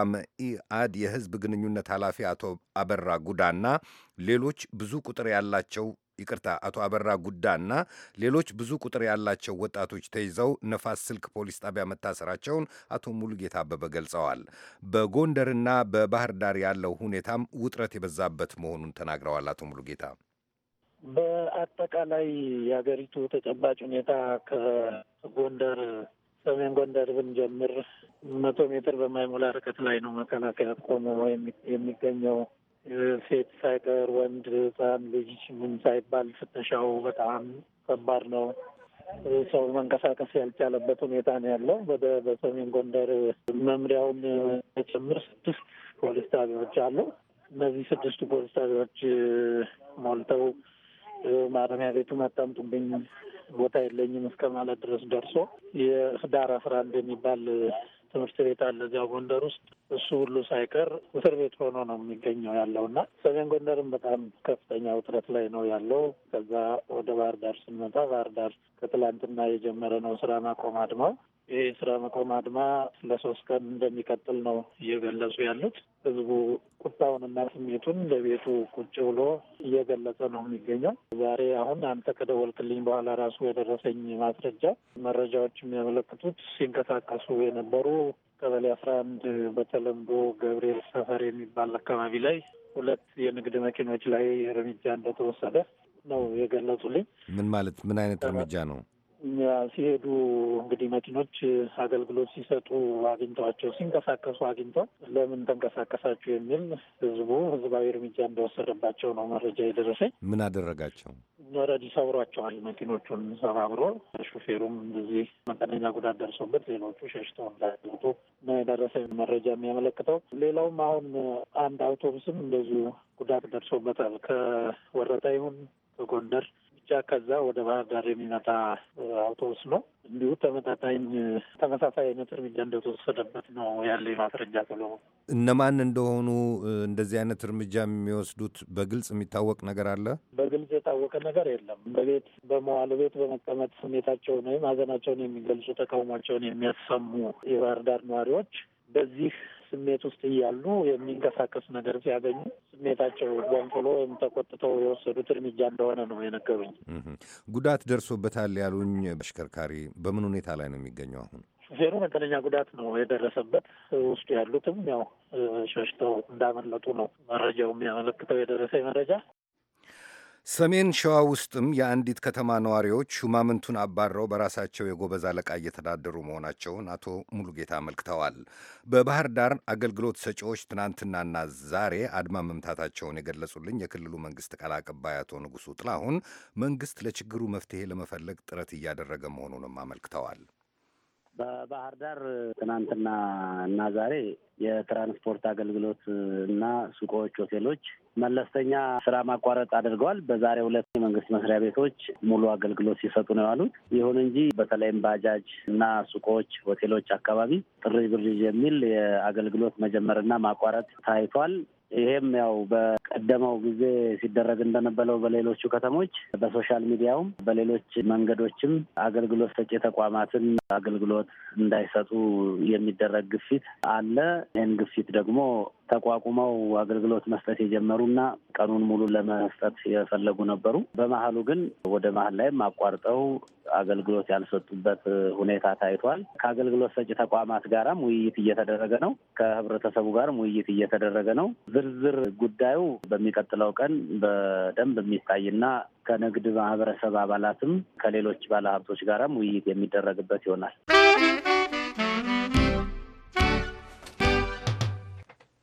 ኢአድ የህዝብ ግንኙነት ኃላፊ አቶ አበራ ጉዳና ሌሎች ብዙ ቁጥር ያላቸው ይቅርታ አቶ አበራ ጉዳና ሌሎች ብዙ ቁጥር ያላቸው ወጣቶች ተይዘው ነፋስ ስልክ ፖሊስ ጣቢያ መታሰራቸውን አቶ ሙሉጌታ አበበ ገልጸዋል። በጎንደርና በባህር ዳር ያለው ሁኔታም ውጥረት የበዛበት መሆኑን ተናግረዋል። አቶ ሙሉጌታ በአጠቃላይ የሀገሪቱ ተጨባጭ ሁኔታ ከጎንደር ሰሜን ጎንደር ብንጀምር መቶ ሜትር በማይሞላ ርቀት ላይ ነው መከላከያ ቆሞ የሚገኘው። ሴት ሳይቀር ወንድ፣ ህፃን፣ ልጅ ምን ሳይባል ፍተሻው በጣም ከባድ ነው። ሰው መንቀሳቀስ ያልቻለበት ሁኔታ ነው ያለው። ወደ በሰሜን ጎንደር መምሪያውን ጭምር ስድስት ፖሊስ ጣቢያዎች አሉ። እነዚህ ስድስቱ ፖሊስ ጣቢያዎች ሞልተው ማረሚያ ቤቱን አጣምጡብኝ ቦታ የለኝም እስከ ማለት ድረስ ደርሶ የህዳር አስራ አንድ የሚባል ትምህርት ቤት አለ እዚያ ጎንደር ውስጥ እሱ ሁሉ ሳይቀር እስር ቤት ሆኖ ነው የሚገኘው ያለው እና ሰሜን ጎንደርም በጣም ከፍተኛ ውጥረት ላይ ነው ያለው። ከዛ ወደ ባህር ዳር ስንመጣ ባህር ዳር ከትላንትና የጀመረ ነው ስራ ማቆም አድማው ይህ የስራ መቆም አድማ ለሶስት ቀን እንደሚቀጥል ነው እየገለጹ ያሉት። ህዝቡ ቁጣውንና ስሜቱን ለቤቱ ቁጭ ብሎ እየገለጸ ነው የሚገኘው። ዛሬ አሁን አንተ ከደወልክልኝ በኋላ ራሱ የደረሰኝ ማስረጃ መረጃዎች የሚያመለክቱት ሲንቀሳቀሱ የነበሩ ቀበሌ አስራ አንድ በተለምዶ ገብርኤል ሰፈር የሚባል አካባቢ ላይ ሁለት የንግድ መኪኖች ላይ እርምጃ እንደተወሰደ ነው የገለጹልኝ። ምን ማለት ምን አይነት እርምጃ ነው? ሲሄዱ እንግዲህ መኪኖች አገልግሎት ሲሰጡ አግኝተዋቸው ሲንቀሳቀሱ አግኝተው ለምን ተንቀሳቀሳችሁ የሚል ህዝቡ ህዝባዊ እርምጃ እንደወሰደባቸው ነው መረጃ የደረሰኝ። ምን አደረጋቸው? ረድ ሰብሯቸዋል። መኪኖቹን ሰባብሮ ሹፌሩም እንደዚህ መጠነኛ ጉዳት ደርሶበት ሌሎቹ ሸሽተው እንዳይወጡ ነው የደረሰ መረጃ የሚያመለክተው። ሌላውም አሁን አንድ አውቶቡስም እንደዚሁ ጉዳት ደርሶበታል። ከወረዳ ይሁን ከጎንደር ብቻ ከዛ ወደ ባህር ዳር የሚመጣ አውቶቡስ ነው። እንዲሁ ተመጣጣኝ ተመሳሳይ አይነት እርምጃ እንደተወሰደበት ነው ያለ ማስረጃ። ሰለሞን፣ እነማን እንደሆኑ እንደዚህ አይነት እርምጃ የሚወስዱት በግልጽ የሚታወቅ ነገር አለ? በግልጽ የታወቀ ነገር የለም። በቤት በመዋል ቤት በመቀመጥ ስሜታቸውን ወይም ሀዘናቸውን የሚገልጹ ተቃውሟቸውን የሚያሰሙ የባህር ዳር ነዋሪዎች በዚህ ስሜት ውስጥ እያሉ የሚንቀሳቀስ ነገር ሲያገኙ ስሜታቸው ጎንፍሎ ወይም ተቆጥተው የወሰዱት እርምጃ እንደሆነ ነው የነገሩኝ። ጉዳት ደርሶበታል ያሉኝ አሽከርካሪ በምን ሁኔታ ላይ ነው የሚገኘው አሁን? ሹፌሩ መጠነኛ ጉዳት ነው የደረሰበት። ውስጡ ያሉትም ያው ሸሽተው እንዳመለጡ ነው መረጃው የሚያመለክተው የደረሰ መረጃ። ሰሜን ሸዋ ውስጥም የአንዲት ከተማ ነዋሪዎች ሹማምንቱን አባረው በራሳቸው የጎበዝ አለቃ እየተዳደሩ መሆናቸውን አቶ ሙሉጌታ አመልክተዋል። በባህር ዳር አገልግሎት ሰጪዎች ትናንትናና ዛሬ አድማ መምታታቸውን የገለጹልኝ የክልሉ መንግስት ቃል አቀባይ አቶ ንጉሱ ጥላሁን መንግስት ለችግሩ መፍትሄ ለመፈለግ ጥረት እያደረገ መሆኑንም አመልክተዋል። በባህር ዳር ትናንትና እና ዛሬ የትራንስፖርት አገልግሎት እና ሱቆች፣ ሆቴሎች መለስተኛ ስራ ማቋረጥ አድርገዋል። በዛሬ ሁለት የመንግስት መስሪያ ቤቶች ሙሉ አገልግሎት ሲሰጡ ነው ያሉት። ይሁን እንጂ በተለይም ባጃጅ እና ሱቆች፣ ሆቴሎች አካባቢ ጥርዥ ብርዥ የሚል የአገልግሎት መጀመርና ማቋረጥ ታይቷል። ይሄም ያው በቀደመው ጊዜ ሲደረግ እንደነበረው በሌሎቹ ከተሞች በሶሻል ሚዲያውም በሌሎች መንገዶችም አገልግሎት ሰጪ ተቋማትን አገልግሎት እንዳይሰጡ የሚደረግ ግፊት አለ። ይህን ግፊት ደግሞ ተቋቁመው አገልግሎት መስጠት የጀመሩና ቀኑን ሙሉ ለመስጠት የፈለጉ ነበሩ። በመሀሉ ግን ወደ መሀል ላይም አቋርጠው አገልግሎት ያልሰጡበት ሁኔታ ታይቷል። ከአገልግሎት ሰጪ ተቋማት ጋራም ውይይት እየተደረገ ነው። ከህብረተሰቡ ጋርም ውይይት እየተደረገ ነው። ዝርዝር ጉዳዩ በሚቀጥለው ቀን በደንብ የሚታይና ከንግድ ማህበረሰብ አባላትም ከሌሎች ባለሀብቶች ጋራም ውይይት የሚደረግበት ይሆናል።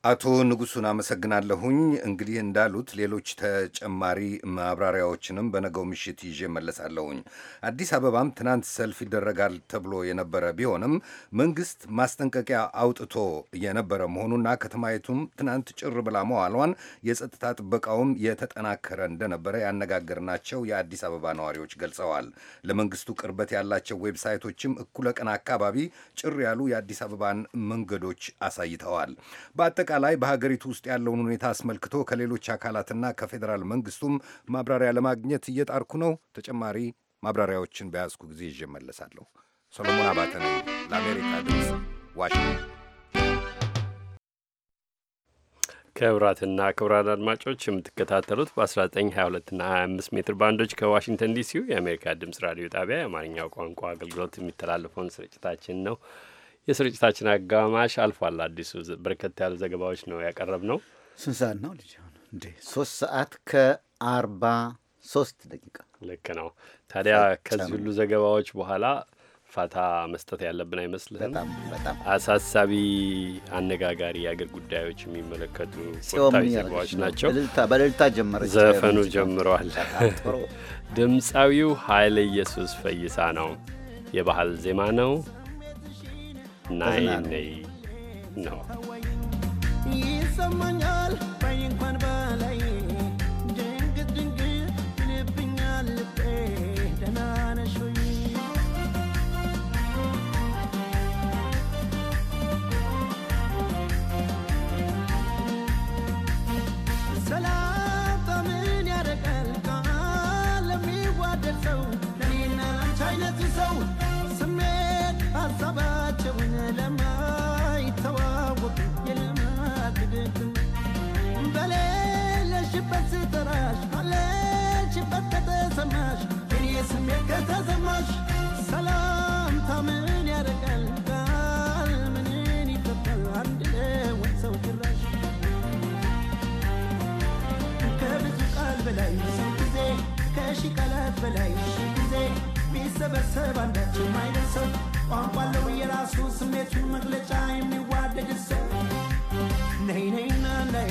አቶ ንጉሱን አመሰግናለሁኝ። እንግዲህ እንዳሉት ሌሎች ተጨማሪ ማብራሪያዎችንም በነገው ምሽት ይዤ መለሳለሁኝ። አዲስ አበባም ትናንት ሰልፍ ይደረጋል ተብሎ የነበረ ቢሆንም መንግስት ማስጠንቀቂያ አውጥቶ የነበረ መሆኑና ከተማይቱም ትናንት ጭር ብላ መዋሏን የጸጥታ ጥበቃውም የተጠናከረ እንደነበረ ያነጋገርናቸው የአዲስ አበባ ነዋሪዎች ገልጸዋል። ለመንግስቱ ቅርበት ያላቸው ዌብሳይቶችም እኩለ ቀን አካባቢ ጭር ያሉ የአዲስ አበባን መንገዶች አሳይተዋል። በአጠቃ በአጠቃላይ በሀገሪቱ ውስጥ ያለውን ሁኔታ አስመልክቶ ከሌሎች አካላትና ከፌዴራል መንግስቱም ማብራሪያ ለማግኘት እየጣርኩ ነው። ተጨማሪ ማብራሪያዎችን በያዝኩ ጊዜ ይዤ እመለሳለሁ። ሰሎሞን አባተ ነኝ ለአሜሪካ ድምፅ ዋሽንግተን። ክቡራትና ክቡራን አድማጮች የምትከታተሉት በ1922ና 25 ሜትር ባንዶች ከዋሽንግተን ዲሲው የአሜሪካ ድምፅ ራዲዮ ጣቢያ የአማርኛው ቋንቋ አገልግሎት የሚተላለፈውን ስርጭታችን ነው። የስርጭታችን አጋማሽ አልፏል። አዲሱ በርከት ያሉ ዘገባዎች ነው ያቀረብ ነው። ስንት ሰዓት ነው ልጅ? እንዴ ሶስት ሰዓት ከአርባ ሶስት ደቂቃ ልክ ነው። ታዲያ ከዚህ ሁሉ ዘገባዎች በኋላ ፋታ መስጠት ያለብን አይመስልህም? አሳሳቢ፣ አነጋጋሪ የአገር ጉዳዮች የሚመለከቱ ወቅታዊ ዘገባዎች ናቸው። በልልታ ጀመረ ዘፈኑ ጀምረዋል። ድምፃዊው ኃይለ ኢየሱስ ፈይሳ ነው። የባህል ዜማ ነው። Nine, nine, No. ባለሽበት ስጠራሽ ባለሽበት ከተሰማሽ እኔ ስሜት ከተሰማሽ ሰላምታ ምን ያደርጋል ቃል ምንን ይገባል አንድ ለወን ሰው ጭራሽ ከብዙ ቃል በላይ ሰው ጊዜ ከሺ ቃላት በላይ ሺ ጊዜ ቢሰበሰብ አንዳችም አይደርሰው ቋንቋለው የራሱ ስሜቱን መግለጫ የሚዋደድ ሰው ነይ ነይና ነይ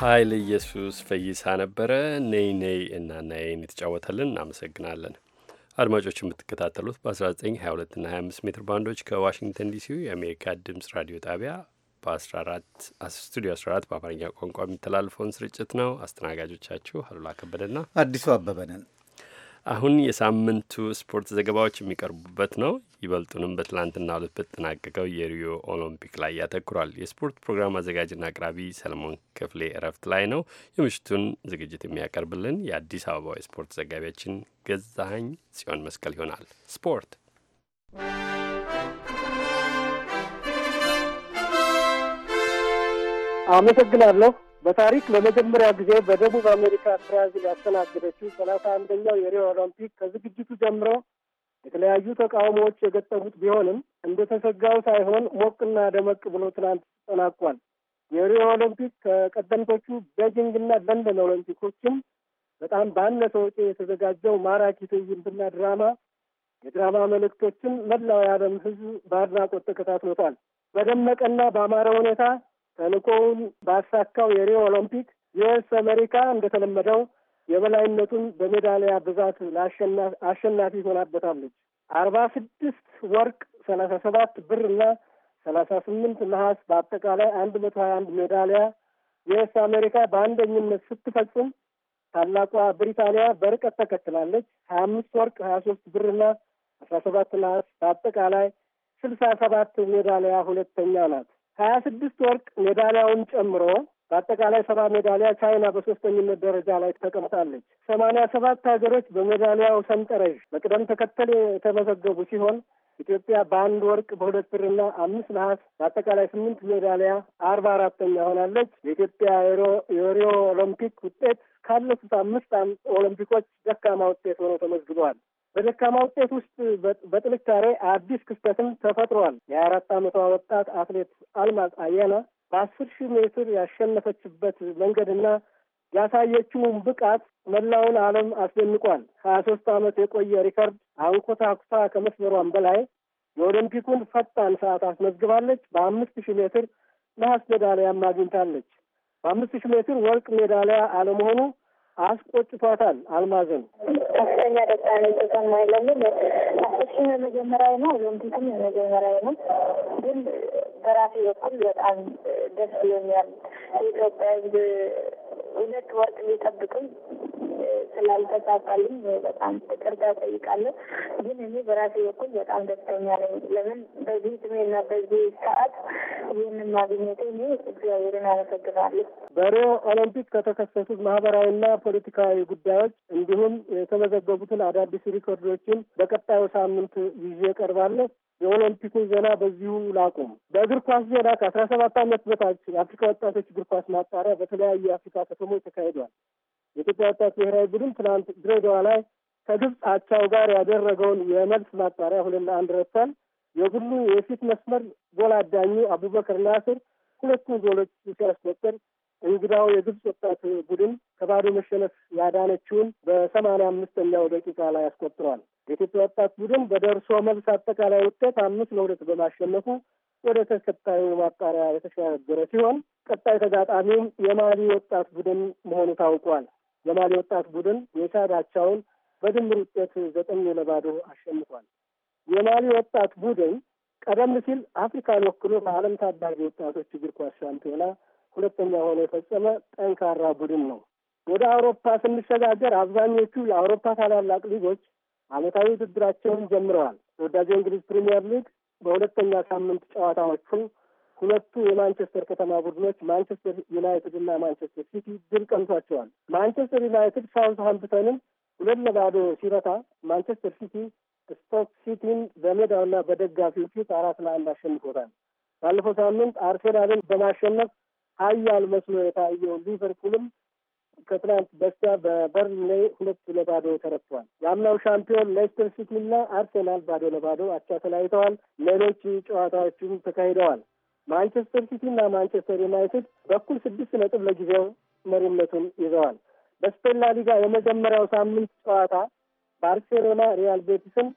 ኃይል ኢየሱስ ፈይሳ ነበረ። ነይ ነይ እና ናይን የተጫወተልን እናመሰግናለን። አድማጮች የምትከታተሉት በ1922 እና 25 ሜትር ባንዶች ከዋሽንግተን ዲሲ የአሜሪካ ድምፅ ራዲዮ ጣቢያ ስቱዲዮ 14 በአማርኛ ቋንቋ የሚተላልፈውን ስርጭት ነው። አስተናጋጆቻችሁ አሉላ ከበደና አዲሱ አበበ ነን። አሁን የሳምንቱ ስፖርት ዘገባዎች የሚቀርቡበት ነው። ይበልጡንም በትላንትና ዕለት በተጠናቀቀው የሪዮ ኦሎምፒክ ላይ ያተኩሯል። የስፖርት ፕሮግራም አዘጋጅና አቅራቢ ሰለሞን ክፍሌ እረፍት ላይ ነው። የምሽቱን ዝግጅት የሚያቀርብልን የአዲስ አበባ የስፖርት ዘጋቢያችን ገዛሀኝ ጽዮን መስቀል ይሆናል። ስፖርት አመሰግናለሁ። በታሪክ ለመጀመሪያ ጊዜ በደቡብ አሜሪካ ብራዚል ያስተናገደችው ሰላሳ አንደኛው የሪዮ ኦሎምፒክ ከዝግጅቱ ጀምሮ የተለያዩ ተቃውሞዎች የገጠሙት ቢሆንም እንደተሰጋው ሳይሆን ሞቅና ደመቅ ብሎ ትናንት ተጠናቋል። የሪዮ ኦሎምፒክ ከቀደምቶቹ ቤጂንግና ለንደን ኦሎምፒኮችም በጣም ባነሰ ወጪ የተዘጋጀው ማራኪ ትዕይንትና ድራማ የድራማ መልእክቶችን መላው የዓለም ሕዝብ በአድናቆት ተከታትሎታል። በደመቀና በአማረ ሁኔታ ተልእኮውን ባሳካው የሪዮ ኦሎምፒክ ዩኤስ አሜሪካ እንደተለመደው የበላይነቱን በሜዳሊያ ብዛት አሸናፊ ሆናበታለች። አርባ ስድስት ወርቅ፣ ሰላሳ ሰባት ብር እና ሰላሳ ስምንት ነሐስ በአጠቃላይ አንድ መቶ ሀያ አንድ ሜዳሊያ ዩኤስ አሜሪካ በአንደኝነት ስትፈጽም ታላቋ ብሪታንያ በርቀት ተከትላለች። ሀያ አምስት ወርቅ፣ ሀያ ሶስት ብርና አስራ ሰባት ነሐስ በአጠቃላይ ስልሳ ሰባት ሜዳሊያ ሁለተኛ ናት። ሀያ ስድስት ወርቅ ሜዳሊያውን ጨምሮ በአጠቃላይ ሰባ ሜዳሊያ ቻይና በሶስተኝነት ደረጃ ላይ ተቀምጣለች። ሰማኒያ ሰባት ሀገሮች በሜዳሊያው ሰንጠረዥ በቅደም ተከተል የተመዘገቡ ሲሆን ኢትዮጵያ በአንድ ወርቅ በሁለት ብርና አምስት ነሐስ በአጠቃላይ ስምንት ሜዳሊያ አርባ አራተኛ ሆናለች። የኢትዮጵያ የሪዮ ኦሎምፒክ ውጤት ካለፉት አምስት ኦሎምፒኮች ደካማ ውጤት ሆኖ ተመዝግበዋል። በደካማ ውጤት ውስጥ በጥንካሬ አዲስ ክስተትም ተፈጥሯል። የአራት ዓመቷ ወጣት አትሌት አልማዝ አያና በአስር ሺህ ሜትር ያሸነፈችበት መንገድና ያሳየችውን ብቃት መላውን ዓለም አስደንቋል። ሀያ ሶስት ዓመት የቆየ ሪከርድ አንኮታኩታ ከመስመሯን በላይ የኦሎምፒኩን ፈጣን ሰዓት አስመዝግባለች። በአምስት ሺህ ሜትር ነሐስ ሜዳሊያም አግኝታለች። በአምስት ሺህ ሜትር ወርቅ ሜዳሊያ አለመሆኑ አስቆጭቷታል። አልማዝን ከፍተኛ ደቃ ነው የተሰማኝ። ለምን አስቆጭኝ? የመጀመሪያ ነው ሎንቲቱም የመጀመሪያ ነው፣ ግን በራሴ በኩል በጣም ደስ ይለኛል። የኢትዮጵያ ሕዝብ ሁለት ወርቅ ቢጠብቅም ስላልተሳካልኝ በጣም ይቅርታ ጠይቃለሁ። ግን እኔ በራሴ በኩል በጣም ደስተኛ ነኝ። ለምን በዚህ እድሜና በዚህ ሰዓት ይህንን ማግኘት እኔ እግዚአብሔርን አመሰግናለሁ። በሪዮ ኦሎምፒክ ከተከሰቱት ማህበራዊና ፖለቲካዊ ጉዳዮች እንዲሁም የተመዘገቡትን አዳዲስ ሪኮርዶችን በቀጣዩ ሳምንት ይዤ ቀርባለ የኦሎምፒኩን ዜና በዚሁ ላቁም። በእግር ኳስ ዜና ከአስራ ሰባት ዓመት በታች የአፍሪካ ወጣቶች እግር ኳስ ማጣሪያ በተለያዩ የአፍሪካ ከተሞች ተካሂዷል። የኢትዮጵያ ወጣት ብሔራዊ ቡድን ትናንት ድሬዳዋ ላይ ከግብፅ አቻው ጋር ያደረገውን የመልስ ማጣሪያ ሁለት ለአንድ ረቷል። የቡድኑ የፊት መስመር ጎል አዳኙ አቡበከር ናስር ሁለቱን ጎሎች ሲያስቆጥር እንግዳው የግብፅ ወጣት ቡድን ከባዶ መሸነፍ ያዳነችውን በሰማንያ አምስተኛው ደቂቃ ላይ አስቆጥሯል። የኢትዮጵያ ወጣት ቡድን በደርሶ መልስ አጠቃላይ ውጤት አምስት ለሁለት በማሸነፉ ወደ ተከታዩ ማጣሪያ የተሸጋገረ ሲሆን ቀጣይ ተጋጣሚውም የማሊ ወጣት ቡድን መሆኑ ታውቋል። የማሊ ወጣት ቡድን የቻድ በድምር ውጤት ዘጠኝ ለባዶ አሸንፏል። የማሊ ወጣት ቡድን ቀደም ሲል አፍሪካን ወክሎ በዓለም ታዳጊ ወጣቶች እግር ኳስ ሻምፒዮና ሁለተኛ ሆኖ የፈጸመ ጠንካራ ቡድን ነው። ወደ አውሮፓ ስንሸጋገር አብዛኞቹ የአውሮፓ ታላላቅ ሊጎች ዓመታዊ ውድድራቸውን ጀምረዋል። ተወዳጁ እንግሊዝ ፕሪምየር ሊግ በሁለተኛ ሳምንት ጨዋታዎቹ ሁለቱ የማንቸስተር ከተማ ቡድኖች ማንቸስተር ዩናይትድ እና ማንቸስተር ሲቲ ድል ቀንቷቸዋል። ማንቸስተር ዩናይትድ ሳውዝሃምፕተንን ሁለት ለባዶ ሲረታ ማንቸስተር ሲቲ ስቶክ ሲቲን በሜዳውና በደጋፊው ፊት አራት ለአንድ አሸንፎታል። ባለፈው ሳምንት አርሴናልን በማሸነፍ ኃያል መስሎ የታየው ሊቨርፑልም ከትናንት በስቲያ በበርንሌይ ሁለት ለባዶ ተረቷል። የአምናው ሻምፒዮን ሌስተር ሲቲ እና አርሴናል ባዶ ለባዶ አቻ ተለያይተዋል። ሌሎች ጨዋታዎችም ተካሂደዋል። ማንቸስተር ሲቲ እና ማንቸስተር ዩናይትድ በኩል ስድስት ነጥብ ለጊዜው መሪነቱን ይዘዋል። በስፔን ሊጋ የመጀመሪያው ሳምንት ጨዋታ ባርሴሎና ሪያል ቤቲስን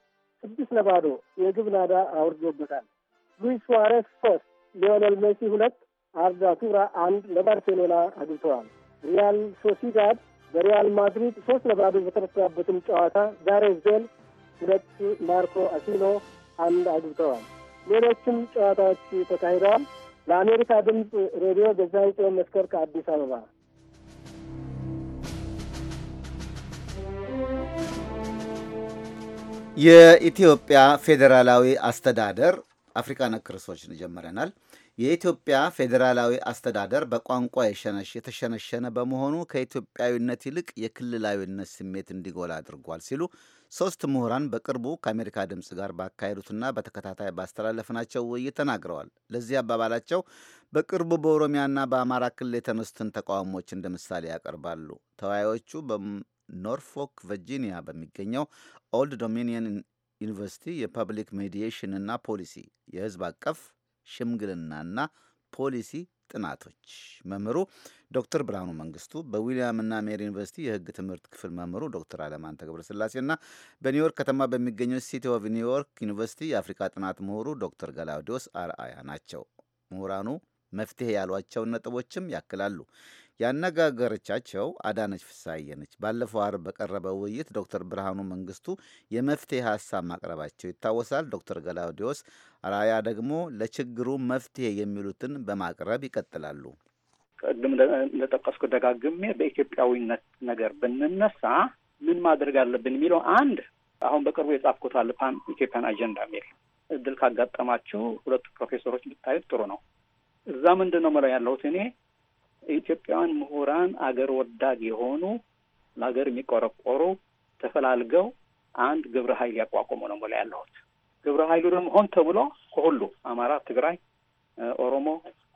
ስድስት ለባዶ የግብ ናዳ አውርዶበታል። ሉዊስ ሱዋሬስ ሶስት፣ ሊዮኔል ሜሲ ሁለት፣ አርዳ ቱራ አንድ ለባርሴሎና አግብተዋል። ሪያል ሶሲዳድ በሪያል ማድሪድ ሶስት ለባዶ በተረታበትም ጨዋታ ጋሬዝ ቤል ሁለት፣ ማርኮ አሲኖ አንድ አግብተዋል። ሌሎችም ጨዋታዎች ተካሂደዋል። ለአሜሪካ ድምፅ ሬዲዮ ገዛኸኝ ጽዮን መስከር ከአዲስ አበባ። የኢትዮጵያ ፌዴራላዊ አስተዳደር አፍሪካ ነክ ርዕሶችን ጀምረናል። የኢትዮጵያ ፌዴራላዊ አስተዳደር በቋንቋ የተሸነሸነ በመሆኑ ከኢትዮጵያዊነት ይልቅ የክልላዊነት ስሜት እንዲጎላ አድርጓል ሲሉ ሶስት ምሁራን በቅርቡ ከአሜሪካ ድምፅ ጋር ባካሄዱትና በተከታታይ ባስተላለፍናቸው ውይይት ተናግረዋል። ለዚህ አባባላቸው በቅርቡ በኦሮሚያና በአማራ ክልል የተነሱትን ተቃውሞች እንደ ምሳሌ ያቀርባሉ። ተወያዮቹ በኖርፎክ ቨርጂኒያ በሚገኘው ኦልድ ዶሚኒየን ዩኒቨርሲቲ የፐብሊክ ሜዲዬሽን እና ፖሊሲ የሕዝብ አቀፍ ሽምግልናና ፖሊሲ ጥናቶች መምህሩ ዶክተር ብርሃኑ መንግስቱ በዊልያምና ሜሪ ዩኒቨርሲቲ የህግ ትምህርት ክፍል መምህሩ ዶክተር አለማንተ ገብረስላሴና በኒውዮርክ ከተማ በሚገኘው ሲቲ ኦፍ ኒውዮርክ ዩኒቨርሲቲ የአፍሪካ ጥናት ምሁሩ ዶክተር ገላውዲዮስ አርአያ ናቸው። ምሁራኑ መፍትሄ ያሏቸውን ነጥቦችም ያክላሉ። ያነጋገረቻቸው አዳነች ፍሳየነች። ነች። ባለፈው አርብ በቀረበው ውይይት ዶክተር ብርሃኑ መንግስቱ የመፍትሄ ሀሳብ ማቅረባቸው ይታወሳል። ዶክተር ገላውዲዮስ ራያ ደግሞ ለችግሩ መፍትሄ የሚሉትን በማቅረብ ይቀጥላሉ። ቅድም እንደጠቀስኩ ደጋግሜ በኢትዮጵያዊነት ነገር ብንነሳ ምን ማድረግ አለብን የሚለው አንድ አሁን በቅርቡ የጻፍኩት አለ ፓን ኢትዮጵያን አጀንዳ የሚል እድል ካጋጠማችሁ ሁለቱ ፕሮፌሰሮች ብታዩት ጥሩ ነው። እዛ ምንድን ነው መለው ያለሁት እኔ የኢትዮጵያውያን ምሁራን አገር ወዳድ የሆኑ ለሀገር የሚቆረቆሩ ተፈላልገው አንድ ግብረ ኃይል ያቋቁሙ ነው ሞላ ያለሁት። ግብረ ኃይሉ ደግሞ ሆን ተብሎ ከሁሉ አማራ፣ ትግራይ፣ ኦሮሞ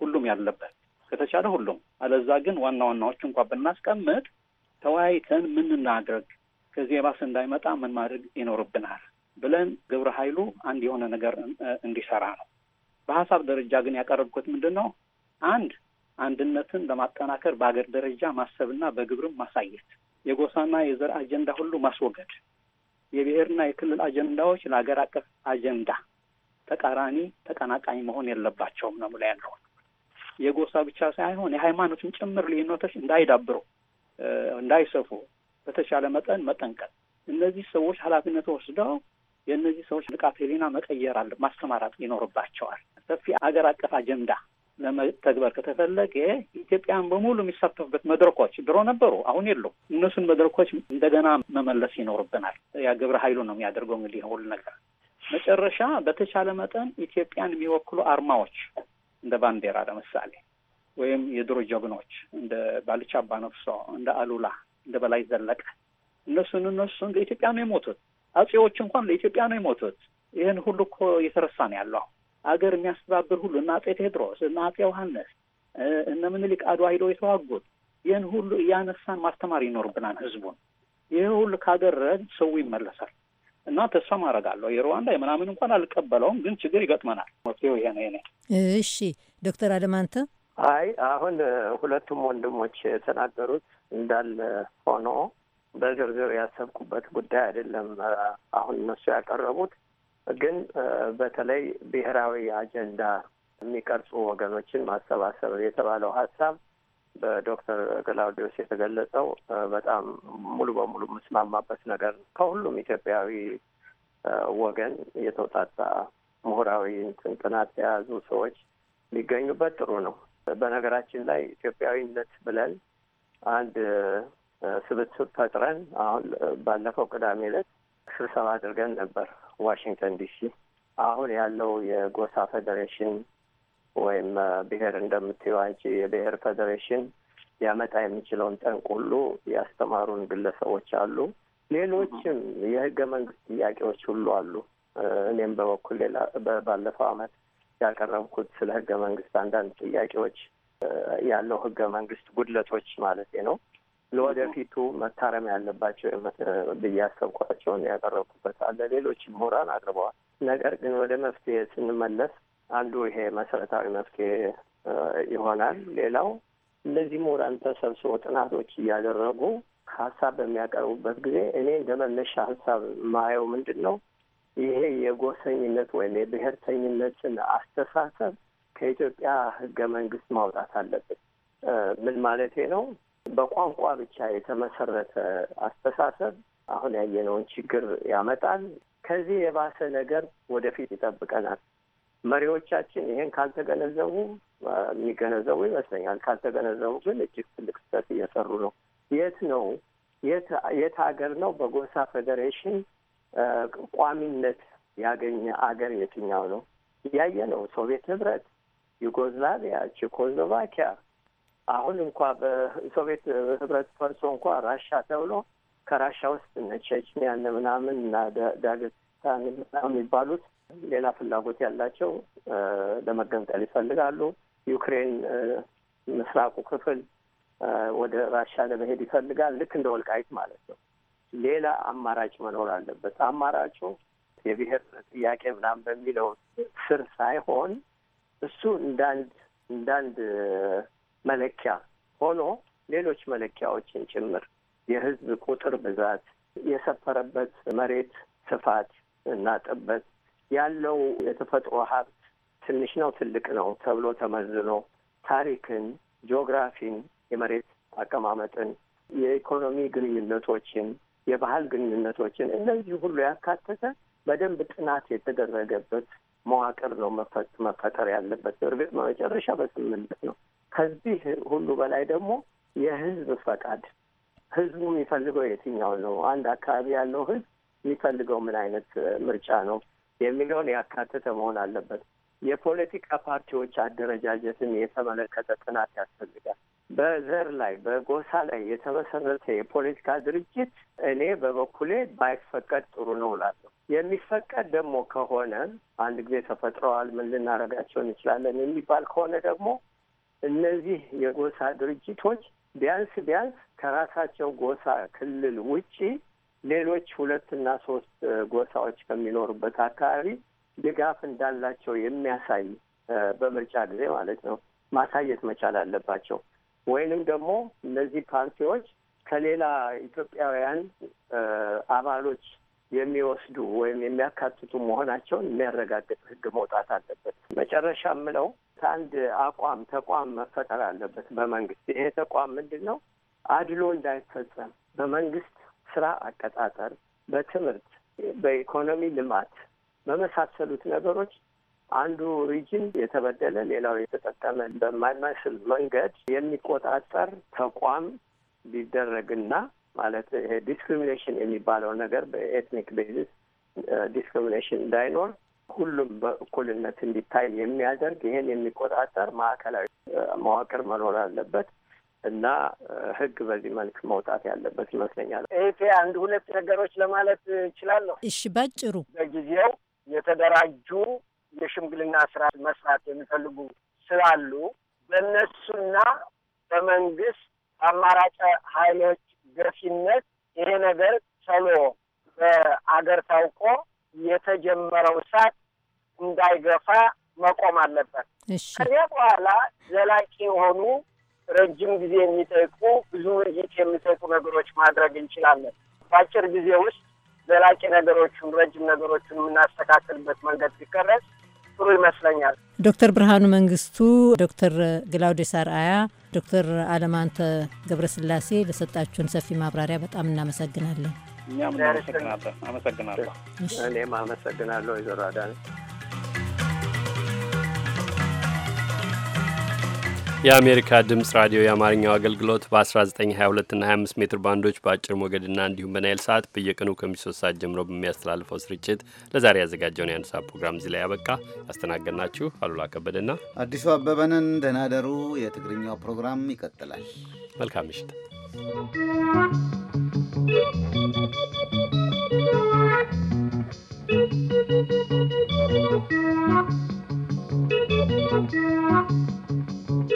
ሁሉም ያለበት ከተቻለ ሁሉም፣ አለዛ ግን ዋና ዋናዎቹ እንኳ ብናስቀምጥ ተወያይተን ምን እናድርግ ከዚህ የባስ እንዳይመጣ ምን ማድረግ ይኖርብናል ብለን ግብረ ኃይሉ አንድ የሆነ ነገር እንዲሰራ ነው። በሀሳብ ደረጃ ግን ያቀረብኩት ምንድን ነው? አንድ አንድነትን ለማጠናከር በአገር ደረጃ ማሰብና በግብርም ማሳየት፣ የጎሳና የዘር አጀንዳ ሁሉ ማስወገድ፣ የብሔርና የክልል አጀንዳዎች ለሀገር አቀፍ አጀንዳ ተቃራኒ ተቀናቃኝ መሆን የለባቸውም ነው ላይ ያለው። የጎሳ ብቻ ሳይሆን የሃይማኖትም ጭምር ልዩነቶች እንዳይዳብሩ እንዳይሰፉ በተቻለ መጠን መጠንቀቅ። እነዚህ ሰዎች ኃላፊነት ወስደው የእነዚህ ሰዎች ንቃተ ሕሊና መቀየር አለ ማስተማራት ይኖርባቸዋል። ሰፊ አገር አቀፍ አጀንዳ ለመተግበር ከተፈለገ ኢትዮጵያን በሙሉ የሚሳተፉበት መድረኮች ድሮ ነበሩ፣ አሁን የለው። እነሱን መድረኮች እንደገና መመለስ ይኖርብናል። ያ ግብረ ኃይሉ ነው የሚያደርገው እንግዲህ ሁሉ ነገር። መጨረሻ በተቻለ መጠን ኢትዮጵያን የሚወክሉ አርማዎች እንደ ባንዲራ ለምሳሌ ወይም የድሮ ጀግኖች እንደ ባልቻ አባነፍሶ፣ እንደ አሉላ፣ እንደ በላይ ዘለቀ እነሱን እነሱን ለኢትዮጵያ ነው የሞቱት። አጼዎች እንኳን ለኢትዮጵያ ነው የሞቱት። ይህን ሁሉ እኮ እየተረሳ ነው ያለው። አገር የሚያስተባብር ሁሉ እነ አጼ ቴዎድሮስ እነ አጼ ዮሐንስ እነ ምኒልክ አድዋ ሂደው የተዋጉት ይህን ሁሉ እያነሳን ማስተማር ይኖርብናል ህዝቡን። ይህ ሁሉ ካደረን ሰው ይመለሳል እና ተስፋ ማድረጋለሁ። የሩዋንዳ የምናምን እንኳን አልቀበለውም፣ ግን ችግር ይገጥመናል። መፍትሄው ይሄ ነው እሺ ዶክተር አለማንተ። አይ አሁን ሁለቱም ወንድሞች የተናገሩት እንዳለ ሆኖ በዝርዝር ያሰብኩበት ጉዳይ አይደለም። አሁን እነሱ ያቀረቡት ግን በተለይ ብሔራዊ አጀንዳ የሚቀርጹ ወገኖችን ማሰባሰብ የተባለው ሀሳብ በዶክተር ግላውዲዮስ የተገለጸው በጣም ሙሉ በሙሉ የምስማማበት ነገር ነው። ከሁሉም ኢትዮጵያዊ ወገን የተውጣጣ ምሁራዊ ጥናት የያዙ ሰዎች ሊገኙበት ጥሩ ነው። በነገራችን ላይ ኢትዮጵያዊነት ብለን አንድ ስብስብ ፈጥረን አሁን ባለፈው ቅዳሜ ዕለት ስብሰባ አድርገን ነበር። ዋሽንግተን ዲሲ አሁን ያለው የጎሳ ፌዴሬሽን ወይም ብሔር እንደምትይው የብሔር ፌዴሬሽን ሊያመጣ የሚችለውን ጠንቅ ሁሉ ያስተማሩን ግለሰቦች አሉ። ሌሎችም የህገ መንግስት ጥያቄዎች ሁሉ አሉ። እኔም በበኩል ሌላ ባለፈው አመት ያቀረብኩት ስለ ህገ መንግስት አንዳንድ ጥያቄዎች ያለው ህገ መንግስት ጉድለቶች ማለት ነው ለወደፊቱ መታረም ያለባቸው ብያሰብኳቸውን ያቀረብኩበት አለ። ሌሎች ምሁራን አቅርበዋል። ነገር ግን ወደ መፍትሄ ስንመለስ አንዱ ይሄ መሰረታዊ መፍትሄ ይሆናል። ሌላው እነዚህ ምሁራን ተሰብስቦ ጥናቶች እያደረጉ ሀሳብ በሚያቀርቡበት ጊዜ እኔ እንደ መነሻ ሀሳብ ማየው ምንድን ነው ይሄ የጎሰኝነት ወይም የብሔርተኝነትን አስተሳሰብ ከኢትዮጵያ ሕገ መንግስት ማውጣት አለብን። ምን ማለቴ ነው? በቋንቋ ብቻ የተመሰረተ አስተሳሰብ አሁን ያየነውን ችግር ያመጣል። ከዚህ የባሰ ነገር ወደፊት ይጠብቀናል። መሪዎቻችን ይሄን ካልተገነዘቡ የሚገነዘቡ ይመስለኛል። ካልተገነዘቡ ግን እጅግ ትልቅ ስህተት እየሰሩ ነው። የት ነው የት ሀገር ነው በጎሳ ፌዴሬሽን ቋሚነት ያገኘ አገር የትኛው ነው? እያየ ነው ሶቪየት ህብረት፣ ዩጎዝላቪያ፣ ቼኮስሎቫኪያ አሁን እንኳ በሶቪየት ህብረት ፈርሶ እንኳ ራሻ ተብሎ ከራሻ ውስጥ እነ ቼችኒያ ምናምን እና ዳገስታን የሚባሉት ሌላ ፍላጎት ያላቸው ለመገንጠል ይፈልጋሉ። ዩክሬን ምስራቁ ክፍል ወደ ራሻ ለመሄድ ይፈልጋል። ልክ እንደ ወልቃይት ማለት ነው። ሌላ አማራጭ መኖር አለበት። አማራጩ የብሔር ጥያቄ ምናምን በሚለው ስር ሳይሆን እሱ እንዳንድ እንዳንድ መለኪያ ሆኖ ሌሎች መለኪያዎችን ጭምር የህዝብ ቁጥር ብዛት፣ የሰፈረበት መሬት ስፋት እና ጥበት፣ ያለው የተፈጥሮ ሀብት ትንሽ ነው ትልቅ ነው ተብሎ ተመዝኖ ታሪክን፣ ጂኦግራፊን፣ የመሬት አቀማመጥን፣ የኢኮኖሚ ግንኙነቶችን፣ የባህል ግንኙነቶችን እነዚህ ሁሉ ያካተተ በደንብ ጥናት የተደረገበት መዋቅር ነው መፈጠር ያለበት። እርግጥ በመጨረሻ በስምንት ነው ከዚህ ሁሉ በላይ ደግሞ የህዝብ ፈቃድ፣ ህዝቡ የሚፈልገው የትኛው ነው፣ አንድ አካባቢ ያለው ህዝብ የሚፈልገው ምን አይነት ምርጫ ነው የሚለውን ያካተተ መሆን አለበት። የፖለቲካ ፓርቲዎች አደረጃጀትን የተመለከተ ጥናት ያስፈልጋል። በዘር ላይ በጎሳ ላይ የተመሰረተ የፖለቲካ ድርጅት እኔ በበኩሌ ባይፈቀድ ጥሩ ነው እላለሁ። የሚፈቀድ ደግሞ ከሆነ አንድ ጊዜ ተፈጥረዋል፣ ምን ልናደርጋቸው እንችላለን የሚባል ከሆነ ደግሞ እነዚህ የጎሳ ድርጅቶች ቢያንስ ቢያንስ ከራሳቸው ጎሳ ክልል ውጪ ሌሎች ሁለትና ሶስት ጎሳዎች ከሚኖሩበት አካባቢ ድጋፍ እንዳላቸው የሚያሳይ በምርጫ ጊዜ ማለት ነው ማሳየት መቻል አለባቸው። ወይንም ደግሞ እነዚህ ፓርቲዎች ከሌላ ኢትዮጵያውያን አባሎች የሚወስዱ ወይም የሚያካትቱ መሆናቸውን የሚያረጋግጥ ህግ መውጣት አለበት። መጨረሻ የምለው ከአንድ አቋም ተቋም መፈጠር አለበት በመንግስት ይሄ ተቋም ምንድን ነው? አድሎ እንዳይፈጸም በመንግስት ስራ አቀጣጠር፣ በትምህርት፣ በኢኮኖሚ ልማት በመሳሰሉት ነገሮች አንዱ ሪጅን የተበደለ ሌላው የተጠቀመ በማይመስል መንገድ የሚቆጣጠር ተቋም ሊደረግና ማለት ይሄ ዲስክሪሚኔሽን የሚባለው ነገር በኤትኒክ ቤዚስ ዲስክሪሚኔሽን እንዳይኖር ሁሉም በእኩልነት እንዲታይ የሚያደርግ ይሄን የሚቆጣጠር ማዕከላዊ uh, መዋቅር መኖር አለበት እና uh, ህግ በዚህ መልክ መውጣት ያለበት ይመስለኛል። ይሄ አንድ ሁለት ነገሮች ለማለት እችላለሁ። እሺ፣ ባጭሩ በጊዜው የተደራጁ የሽምግልና ስራ መስራት የሚፈልጉ ስላሉ በእነሱና በመንግስት አማራጭ ኃይሎች ገፊነት ይሄ ነገር ቶሎ በአገር ታውቆ የተጀመረው እሳት እንዳይገፋ መቆም አለበት። ከዚያ በኋላ ዘላቂ የሆኑ ረጅም ጊዜ የሚጠይቁ ብዙ ውይይት የሚጠይቁ ነገሮች ማድረግ እንችላለን። በአጭር ጊዜ ውስጥ ዘላቂ ነገሮቹን ረጅም ነገሮቹን የምናስተካከልበት መንገድ ሲቀረጽ ጥሩ ይመስለኛል። ዶክተር ብርሃኑ መንግስቱ፣ ዶክተር ግላውዴስ አርአያ፣ ዶክተር አለማንተ ገብረስላሴ ለሰጣችሁን ሰፊ ማብራሪያ በጣም እናመሰግናለን። እኛም እናመሰግናለን። አመሰግናለሁ። እኔም አመሰግናለሁ። ይዞራዳ የአሜሪካ ድምፅ ራዲዮ የአማርኛው አገልግሎት በ1922 እና 25 ሜትር ባንዶች በአጭር ሞገድና እንዲሁም በናይል ሰዓት በየቀኑ ከምሽቱ ሰዓት ጀምሮ በሚያስተላልፈው ስርጭት ለዛሬ ያዘጋጀውን የአንድ ሰዓት ፕሮግራም እዚህ ላይ ያበቃ። ያስተናገድናችሁ አሉላ ከበደና አዲሱ አበበንን ደናደሩ። የትግርኛው ፕሮግራም ይቀጥላል። መልካም ምሽት።